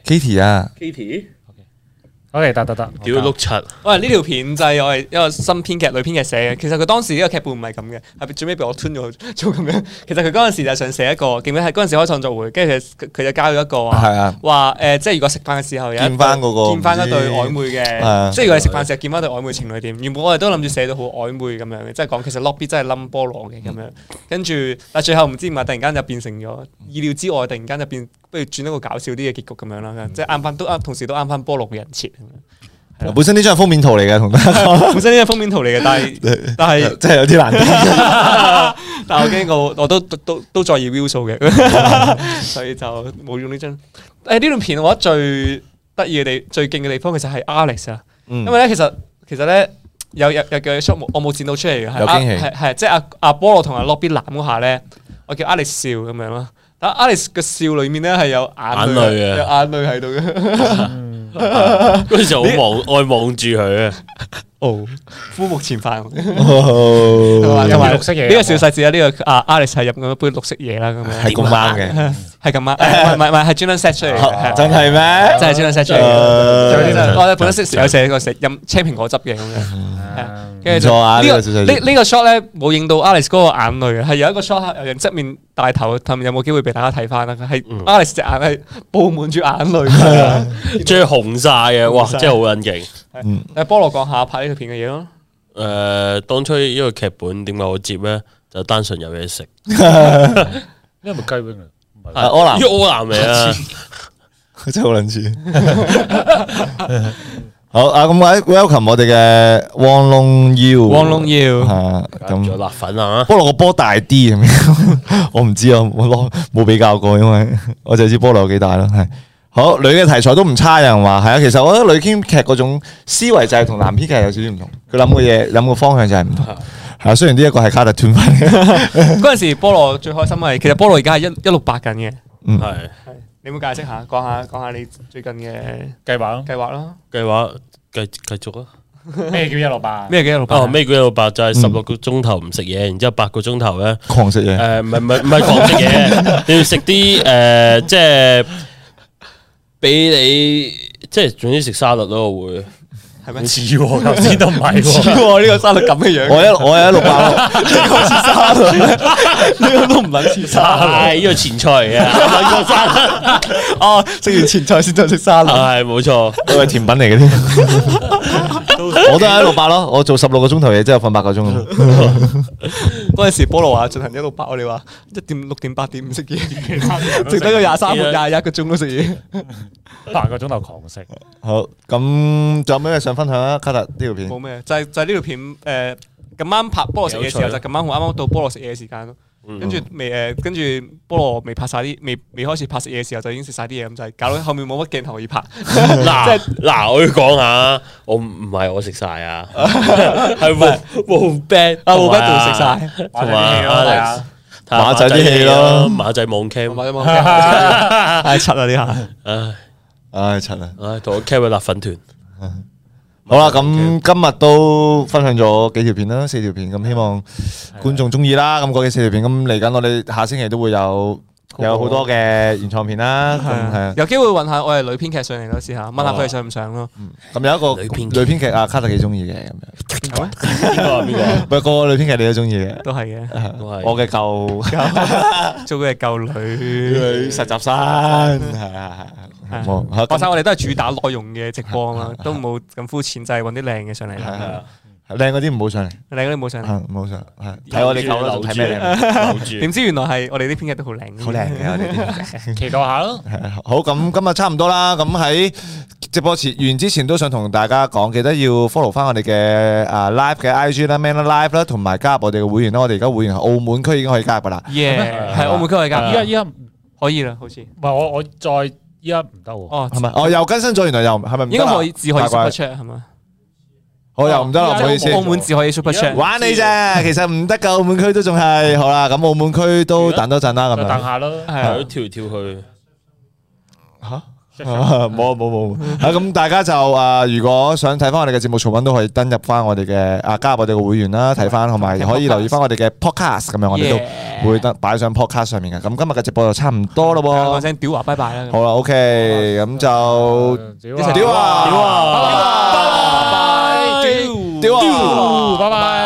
？Kitty 啊？Kitty？OK，得得得，屌佢碌柒！喂，呢條片就係我係一個新編劇、女編劇寫嘅。其實佢當時呢個劇本唔係咁嘅，係最尾俾我吞咗做咁樣。其實佢嗰陣時就想寫一個，記得係嗰陣時開創作會，跟住佢就交咗一個話，誒，即係如果食飯嘅時候，見翻嗰個，見翻嗰對曖昧嘅，即係如果食飯時見翻對曖昧情侶點。原本我哋都諗住寫到好曖昧咁樣嘅，即係講其實 Lobby 真係冧菠蘿嘅咁樣。跟住，但最後唔知點解突然間就變成咗意料之外，突然間就變，不如轉一個搞笑啲嘅結局咁樣啦。即係啱翻都啱，同時都啱翻菠蘿嘅人設。 [music] 本身呢張係封面圖嚟嘅，同 [laughs] 本身呢張封面圖嚟嘅，但係 [laughs] 但係真係有啲難， [laughs] 但我經過，我都都都在意 view 數嘅， [laughs] 所以就冇用呢張。誒、哎，呢段片我覺得最得意嘅地最勁嘅地方其 ice,、嗯其，其實係 Alex 啊，因為咧其實其實咧有有 hot, 有嘅 show 我冇剪到出嚟嘅，係係係即係阿阿波羅同阿洛比男嗰下咧，我叫 Alex 笑咁樣啦，但 Alex 嘅笑裏面咧係有眼淚嘅，眼淚有眼淚喺度嘅。 [laughs] 嗰時好望，我望住佢啊。哦，枯木前發。哦，又係綠色嘢。呢個小細節，呢個阿 Alice 係飲咗杯綠色嘢啦，咁樣係咁啱嘅，係咁啱。唔係唔係，係專登 set 出嚟。真係咩？真係專登 set 出嚟嘅。我哋本身有時有寫個食飲青蘋果汁嘅咁樣。跟住呢個呢個 shot 咧冇影到 Alice 嗰個眼淚嘅，係有一個 shot 有人側面大頭，睇唔有冇機會俾大家睇翻啦？係 Alice 隻眼係布滿住眼淚，係啊，最紅晒嘅，哇，真係好隱形。誒，菠蘿講下拍呢條片嘅嘢咯。誒、呃，當初一個劇呢個劇本點解我接咧？就單純有嘢食，呢個咪雞 wing 啊？唔係，柯南，喐柯南未啊？真係好卵似。好啊，咁我 welcome 我哋嘅汪龍耀，汪龍耀啊，咁辣粉啊？菠蘿個波大啲咁樣，我唔知啊，冇冇比較過，因為我就知菠蘿有幾大咯，係。好女嘅題材都唔差，人話係啊，其實我覺得女編劇嗰種思維就係同男編劇有少少唔同，佢諗嘅嘢，諗嘅方向就係唔同。係，雖然呢一個係卡特斷分，嗰陣時菠蘿最開心係，其實菠蘿而家係一一六八緊嘅。係，你會解釋下，講下講下你最近嘅計劃咯，計劃咯，計劃繼繼續咯。咩叫一六八？咩叫一六八？哦，咩叫一六八？就係十六個鐘頭唔食嘢，然之後八個鐘頭咧狂食嘢。唔係唔係唔係狂食嘢，你要食啲誒即係。俾你即係總之食沙律咯，會係咪？似我先得咪，似我呢個沙律咁嘅樣，樣我一我有一六呢百六，似沙律咩？呢個都唔撚似沙律，呢要、啊、前菜嘅，諗過沙律哦，食、啊、完前菜先再食沙律，係冇錯，都係甜品嚟嘅添。 [laughs] 我都喺一六八咯，我做十六個鐘頭嘢，之後瞓八個鐘。嗰陣時菠蘿話進行一六八，我哋話一點六點八點唔食嘢，剩低嗰廿三個廿一個鐘都食嘢，八個鐘頭狂食。好，咁仲有咩想分享啊？卡特呢條片冇咩，就係、就呢、係、條片誒，咁、呃、啱拍菠蘿食嘢嘅時候，趣就咁啱我啱啱到菠蘿食嘢嘅時間咯。跟住未誒，跟住菠蘿未拍晒啲，未未開始拍食嘢嘅時候，就已經食晒啲嘢咁就，搞到後面冇乜鏡頭可以拍。嗱嗱，我要講下，我唔係我食晒啊，係無無 ben 啊，無 ben 度食晒，同馬仔啲戲咯，馬仔望 cam 唉柒啊，呢下唉唉柒啊，唉同我 cam 嘅辣粉團。好啦，咁今日都分享咗幾條片啦，四條片咁，希望觀眾中意啦。咁嗰的幾四條片咁嚟緊，我哋下星期都會有有好多嘅原創片啦。係啊，有機會問下我哋女編劇上嚟咯，試下問下佢哋上唔上咯。咁、嗯、有一個女編劇，阿、啊、卡特幾中意嘅咁樣。邊個？ [laughs] 唔係個個女編劇你都中意嘅？都係嘅。 [laughs] 我嘅舊做佢嘅舊女實習生。冇，嗱，我哋都係主打內容嘅直播啦，都冇咁膚淺，就係揾啲靚嘅上嚟。靚嗰啲唔好上嚟，靚嗰啲唔好上嚟，唔好上。睇我哋睇咩靚，點知原來係我哋啲編劇都好靚嘅。好靚嘅，我哋啲。期待下咯。好，咁今日差唔多啦。咁喺直播前完之前都想同大家講，記得要 follow 翻我哋嘅啊 live 嘅 IG 啦，man 啦 live 啦，同埋加入我哋嘅會員啦。我哋而家會員係澳門區已經可以加入噶啦。係，澳門區可以加入。依家依家可以啦，好似。唔係我我再。依家唔得喎。啊、哦，係咪？哦，又更新咗，原來又係咪？係咪唔得啊、應該可以自可以 supercharge 係咪怪？好、哦、又唔得啦，唔好意思。澳門只可以 supercharge，玩你啫。其實唔得㗎，澳門區都仲係好啦。咁澳門區都等多陣啦，咁在樣等下咯，係啊，跳嚟跳去。冇冇冇，咁大家就誒，如果想睇翻我哋嘅節目重温，都可以登入翻我哋嘅啊，加入我哋嘅會員啦，睇翻同埋可以留意翻我哋嘅 podcast，咁樣我哋都會得擺上 podcast 上面嘅。咁今日嘅直播就差唔多咯喎，講聲屌啊，拜拜，好啦，OK，咁就屌啊，屌啊，拜拜！屌啊，屌